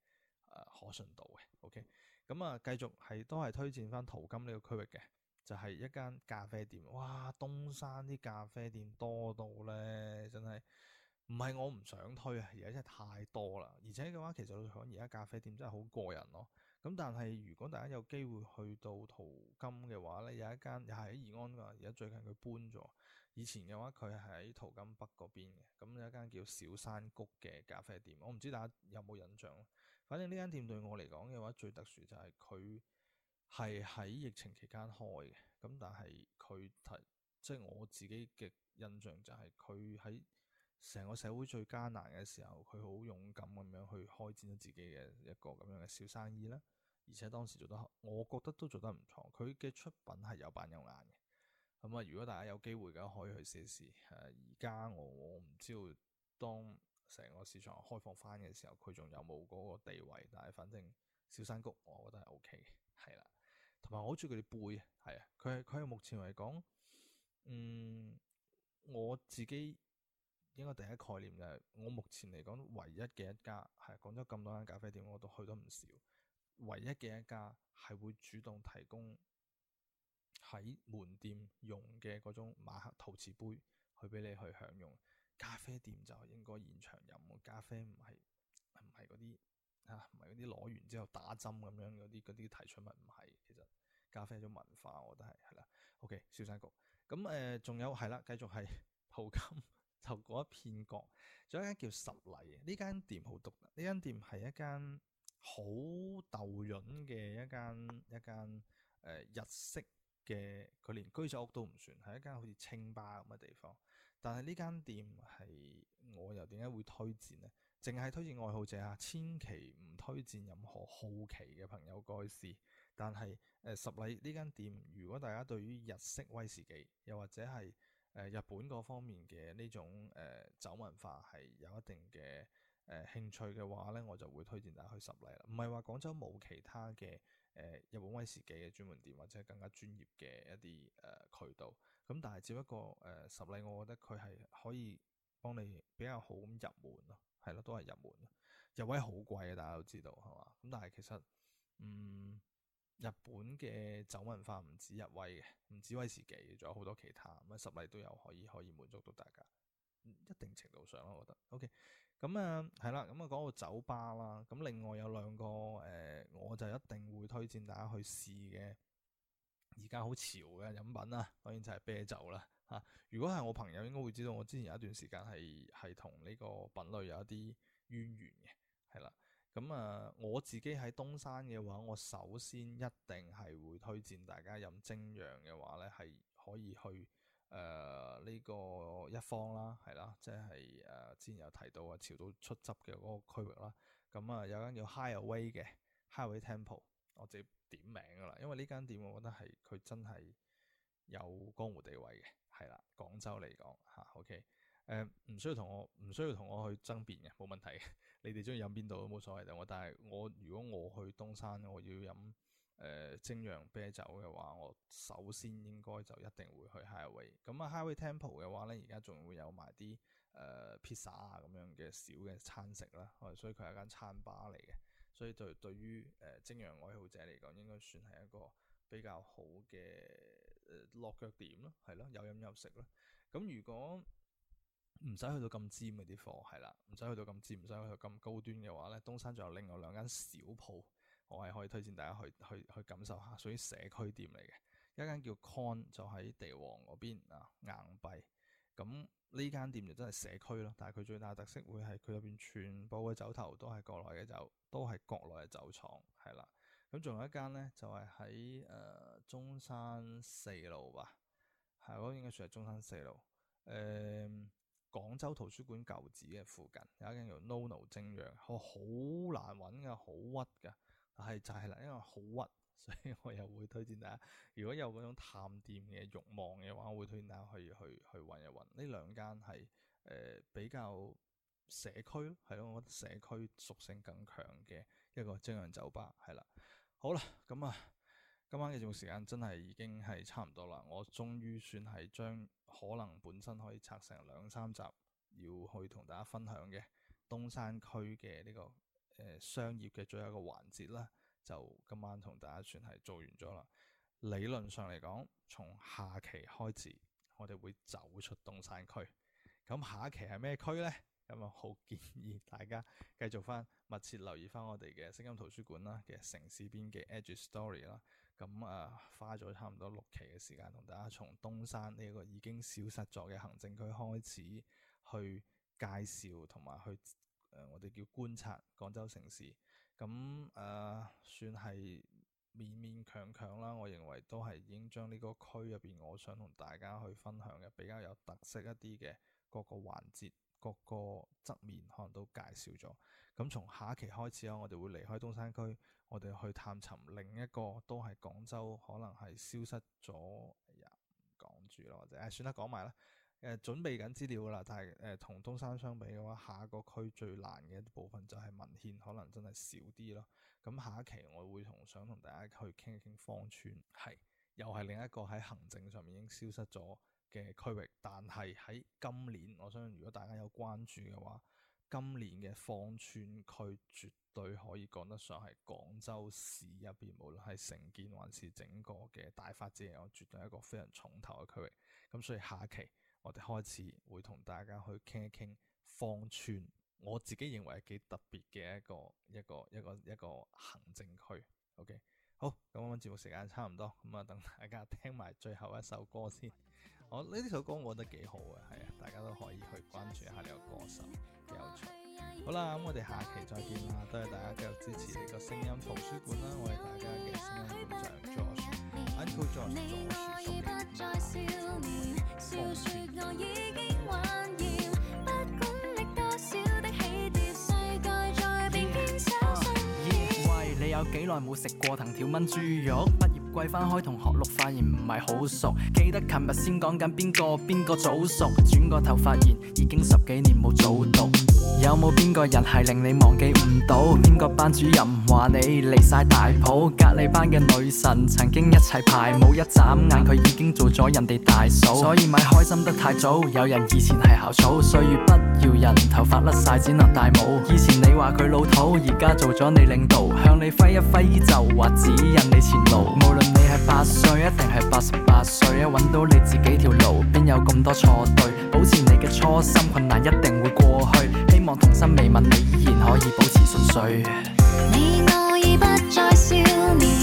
呃、可信度嘅。OK，咁啊，繼續係都係推薦翻淘金呢個區域嘅，就係、是、一間咖啡店。哇，東山啲咖啡店多到咧，真係唔係我唔想推啊，而家真係太多啦。而且嘅話，其實響而家咖啡店真係好過癮咯。咁但係如果大家有機會去到淘金嘅話咧，有一間又係喺宜安嘅，而家最近佢搬咗。以前嘅話，佢係喺淘金北嗰邊嘅，咁有一間叫小山谷嘅咖啡店，我唔知大家有冇印象？反正呢間店對我嚟講嘅話，最特殊就係佢係喺疫情期間開嘅。咁但係佢提，即係我自己嘅印象就係佢喺成個社會最艱難嘅時候，佢好勇敢咁樣去開展咗自己嘅一個咁樣嘅小生意啦。而且當時做得，我覺得都做得唔錯。佢嘅出品係有板有眼嘅。咁啊，如果大家有機會嘅話，可以去試試。誒。而家我我唔知道，當成個市場開放翻嘅時候，佢仲有冇嗰個地位？但係反正小山谷，我覺得係 O K 嘅，係啦。同埋我好中意佢哋背啊，係啊，佢係佢係目前嚟講。嗯，我自己應該第一概念就係、是、我目前嚟講唯一嘅一家，係廣州咁多間咖啡店，我都去得唔少，唯一嘅一家係會主動提供。喺門店用嘅嗰種馬克陶瓷杯，去俾你去享用。咖啡店就應該現場飲，咖啡唔係唔係嗰啲嚇，唔係嗰啲攞完之後打針咁樣嗰啲嗰啲提取物唔係。其實咖啡種文化，我覺得係係啦。O.K. 小山谷咁誒，仲、呃、有係啦，繼續係淘金 就嗰一片角，仲有一間叫拾禮嘅呢間店好獨特。呢間店係一間好豆潤嘅一間一間誒、呃、日式。嘅佢連居酒屋都唔算，係一間好似清吧咁嘅地方。但係呢間店係我又點解會推薦呢？淨係推薦愛好者啊，千祈唔推薦任何好奇嘅朋友嘅試。但係誒、呃、拾禮呢間店，如果大家對於日式威士忌又或者係、呃、日本嗰方面嘅呢種誒酒、呃、文化係有一定嘅誒、呃、興趣嘅話呢，我就會推薦大家去拾禮啦。唔係話廣州冇其他嘅。誒，日本威士忌嘅專門店或者更加專業嘅一啲誒、呃、渠道，咁但係只不過誒、呃、拾禮，我覺得佢係可以幫你比較好咁入門咯，係咯，都係入門。日威好貴嘅，大家都知道係嘛，咁但係其實嗯，日本嘅酒文化唔止日威嘅，唔止威士忌，仲有好多其他，咁拾禮都有可以可以滿足到大家，一定程度上咯，我覺得，OK。咁啊，係啦、嗯，咁、嗯、啊、嗯、講到酒吧啦，咁、嗯、另外有兩個誒、呃，我就一定會推薦大家去試嘅，而家好潮嘅飲品啊，當然就係啤酒啦嚇、啊。如果係我朋友，應該會知道我之前有一段時間係係同呢個品類有一啲淵源嘅，係、嗯、啦。咁、嗯、啊、嗯，我自己喺東山嘅話，我首先一定係會推薦大家飲精釀嘅話呢係可以去。誒呢、呃這個一方啦，係啦，即係誒、呃、之前有提到啊潮州出汁嘅嗰個區域啦。咁、嗯、啊有間叫 Hideaway 嘅 Hideaway Temple，我自己點名㗎啦，因為呢間店我覺得係佢真係有江湖地位嘅，係啦，廣州嚟講吓 OK，誒、呃、唔需要同我唔需要同我去爭辯嘅，冇問題。你哋中意飲邊度都冇所謂嘅我，但係我如果我去東山，我要飲。誒精釀啤酒嘅話，我首先應該就一定會去 Hideaway。咁啊，Hideaway Temple 嘅話呢，而家仲會有埋啲誒 pizza 啊咁樣嘅小嘅餐食啦。嗯、所以佢係間餐吧嚟嘅，所以對對於誒精釀愛好者嚟講，應該算係一個比較好嘅、呃、落腳點咯，係咯，有飲有食咯。咁如果唔使去到咁尖嘅啲貨，係啦，唔使去到咁尖，唔使去到咁高端嘅話呢東山仲有另外兩間小鋪。我係可以推薦大家去去去感受下，屬於社區店嚟嘅一間叫 Coin，就喺地王嗰邊啊，硬幣咁，呢間店就真係社區咯。但係佢最大特色會係佢入邊全部嘅酒頭都係國內嘅酒，都係國內嘅酒廠係啦。咁仲有一間呢，就係喺誒中山四路吧，係嗰應該算係中山四路誒、嗯、廣州圖書館舊址嘅附近有一間叫 Nono 精釀，我好難揾噶，好屈噶。係就係啦，因為好屈，所以我又會推薦大家，如果有嗰種探店嘅欲望嘅話，我會推薦大家去去去揾一揾。呢兩間係誒、呃、比較社區係咯，我覺得社區屬性更強嘅一個精釀酒吧，係啦。好啦，咁、嗯、啊，今晚嘅節目時間真係已經係差唔多啦。我終於算係將可能本身可以拆成兩三集要去同大家分享嘅東山區嘅呢、這個。商業嘅最後一個環節咧，就今晚同大家算係做完咗啦。理論上嚟講，從下期開始，我哋會走出東山區。咁下一期係咩區呢？咁我好建議大家繼續翻密切留意翻我哋嘅聲音圖書館啦嘅城事邊記 Edge Story 啦。咁啊花咗差唔多六期嘅時間同大家從東山呢個已經消失咗嘅行政區開始去介紹同埋去。呃、我哋叫觀察廣州城市，咁、嗯、誒、呃、算係勉勉強強啦。我認為都係已經將呢個區入邊，我想同大家去分享嘅比較有特色一啲嘅各個環節、各個側面，可能都介紹咗。咁、嗯、從下一期開始啊，我哋會離開東山區，我哋去探尋另一個都係廣州，可能係消失咗，誒唔講住啦，或者誒、哎、算啦，講埋啦。誒、呃、準備緊資料啦，但係同、呃、東山相比嘅話，下一個區最難嘅部分就係文獻可能真係少啲咯。咁、嗯、下一期我會同想同大家去傾一傾芳村，係又係另一個喺行政上面已經消失咗嘅區域。但係喺今年，我相信如果大家有關注嘅話，今年嘅芳村區絕對可以講得上係廣州市入邊無論係城建還是整個嘅大發展，我絕對係一個非常重頭嘅區域。咁、嗯、所以下一期。我哋開始會同大家去傾一傾芳村，我自己認為係幾特別嘅一個一個一個一個行政區。OK，好咁，嗯、節目時間差唔多，咁啊等大家聽埋最後一首歌先。我呢首歌我覺得幾好啊，係啊，大家都可以去關注下呢個歌手，幾有趣。好啦，咁、嗯、我哋下期再見啦，多謝大家繼續支持呢個聲音圖書館啦，我係大家嘅聲音圖書你我已不再少年，笑說我已經玩厭，不管歷多少的起跌，世界再變，堅守信念，喂，你有幾耐冇食過藤條炆豬肉？跪翻開同學錄，發現唔係好熟。記得琴日先講緊邊個，邊個早熟。轉個頭發現，已經十幾年冇早讀。有冇邊個人係令你忘記唔到？邊個班主任話你離晒大譜？隔離班嘅女神曾經一齊排舞，一眨眼佢已經做咗人哋大嫂。所以咪開心得太早，有人以前係校草，歲月不饒人，頭髮甩晒只能戴帽。以前你話佢老土，而家做咗你領導，向你揮一揮就話指引你前路。無論。你係八歲，一定係八十八歲。搵到你自己條路，邊有咁多錯對？保持你嘅初心，困難一定會過去。希望童心未泯，你依然可以保持純粹。你我已不再少年。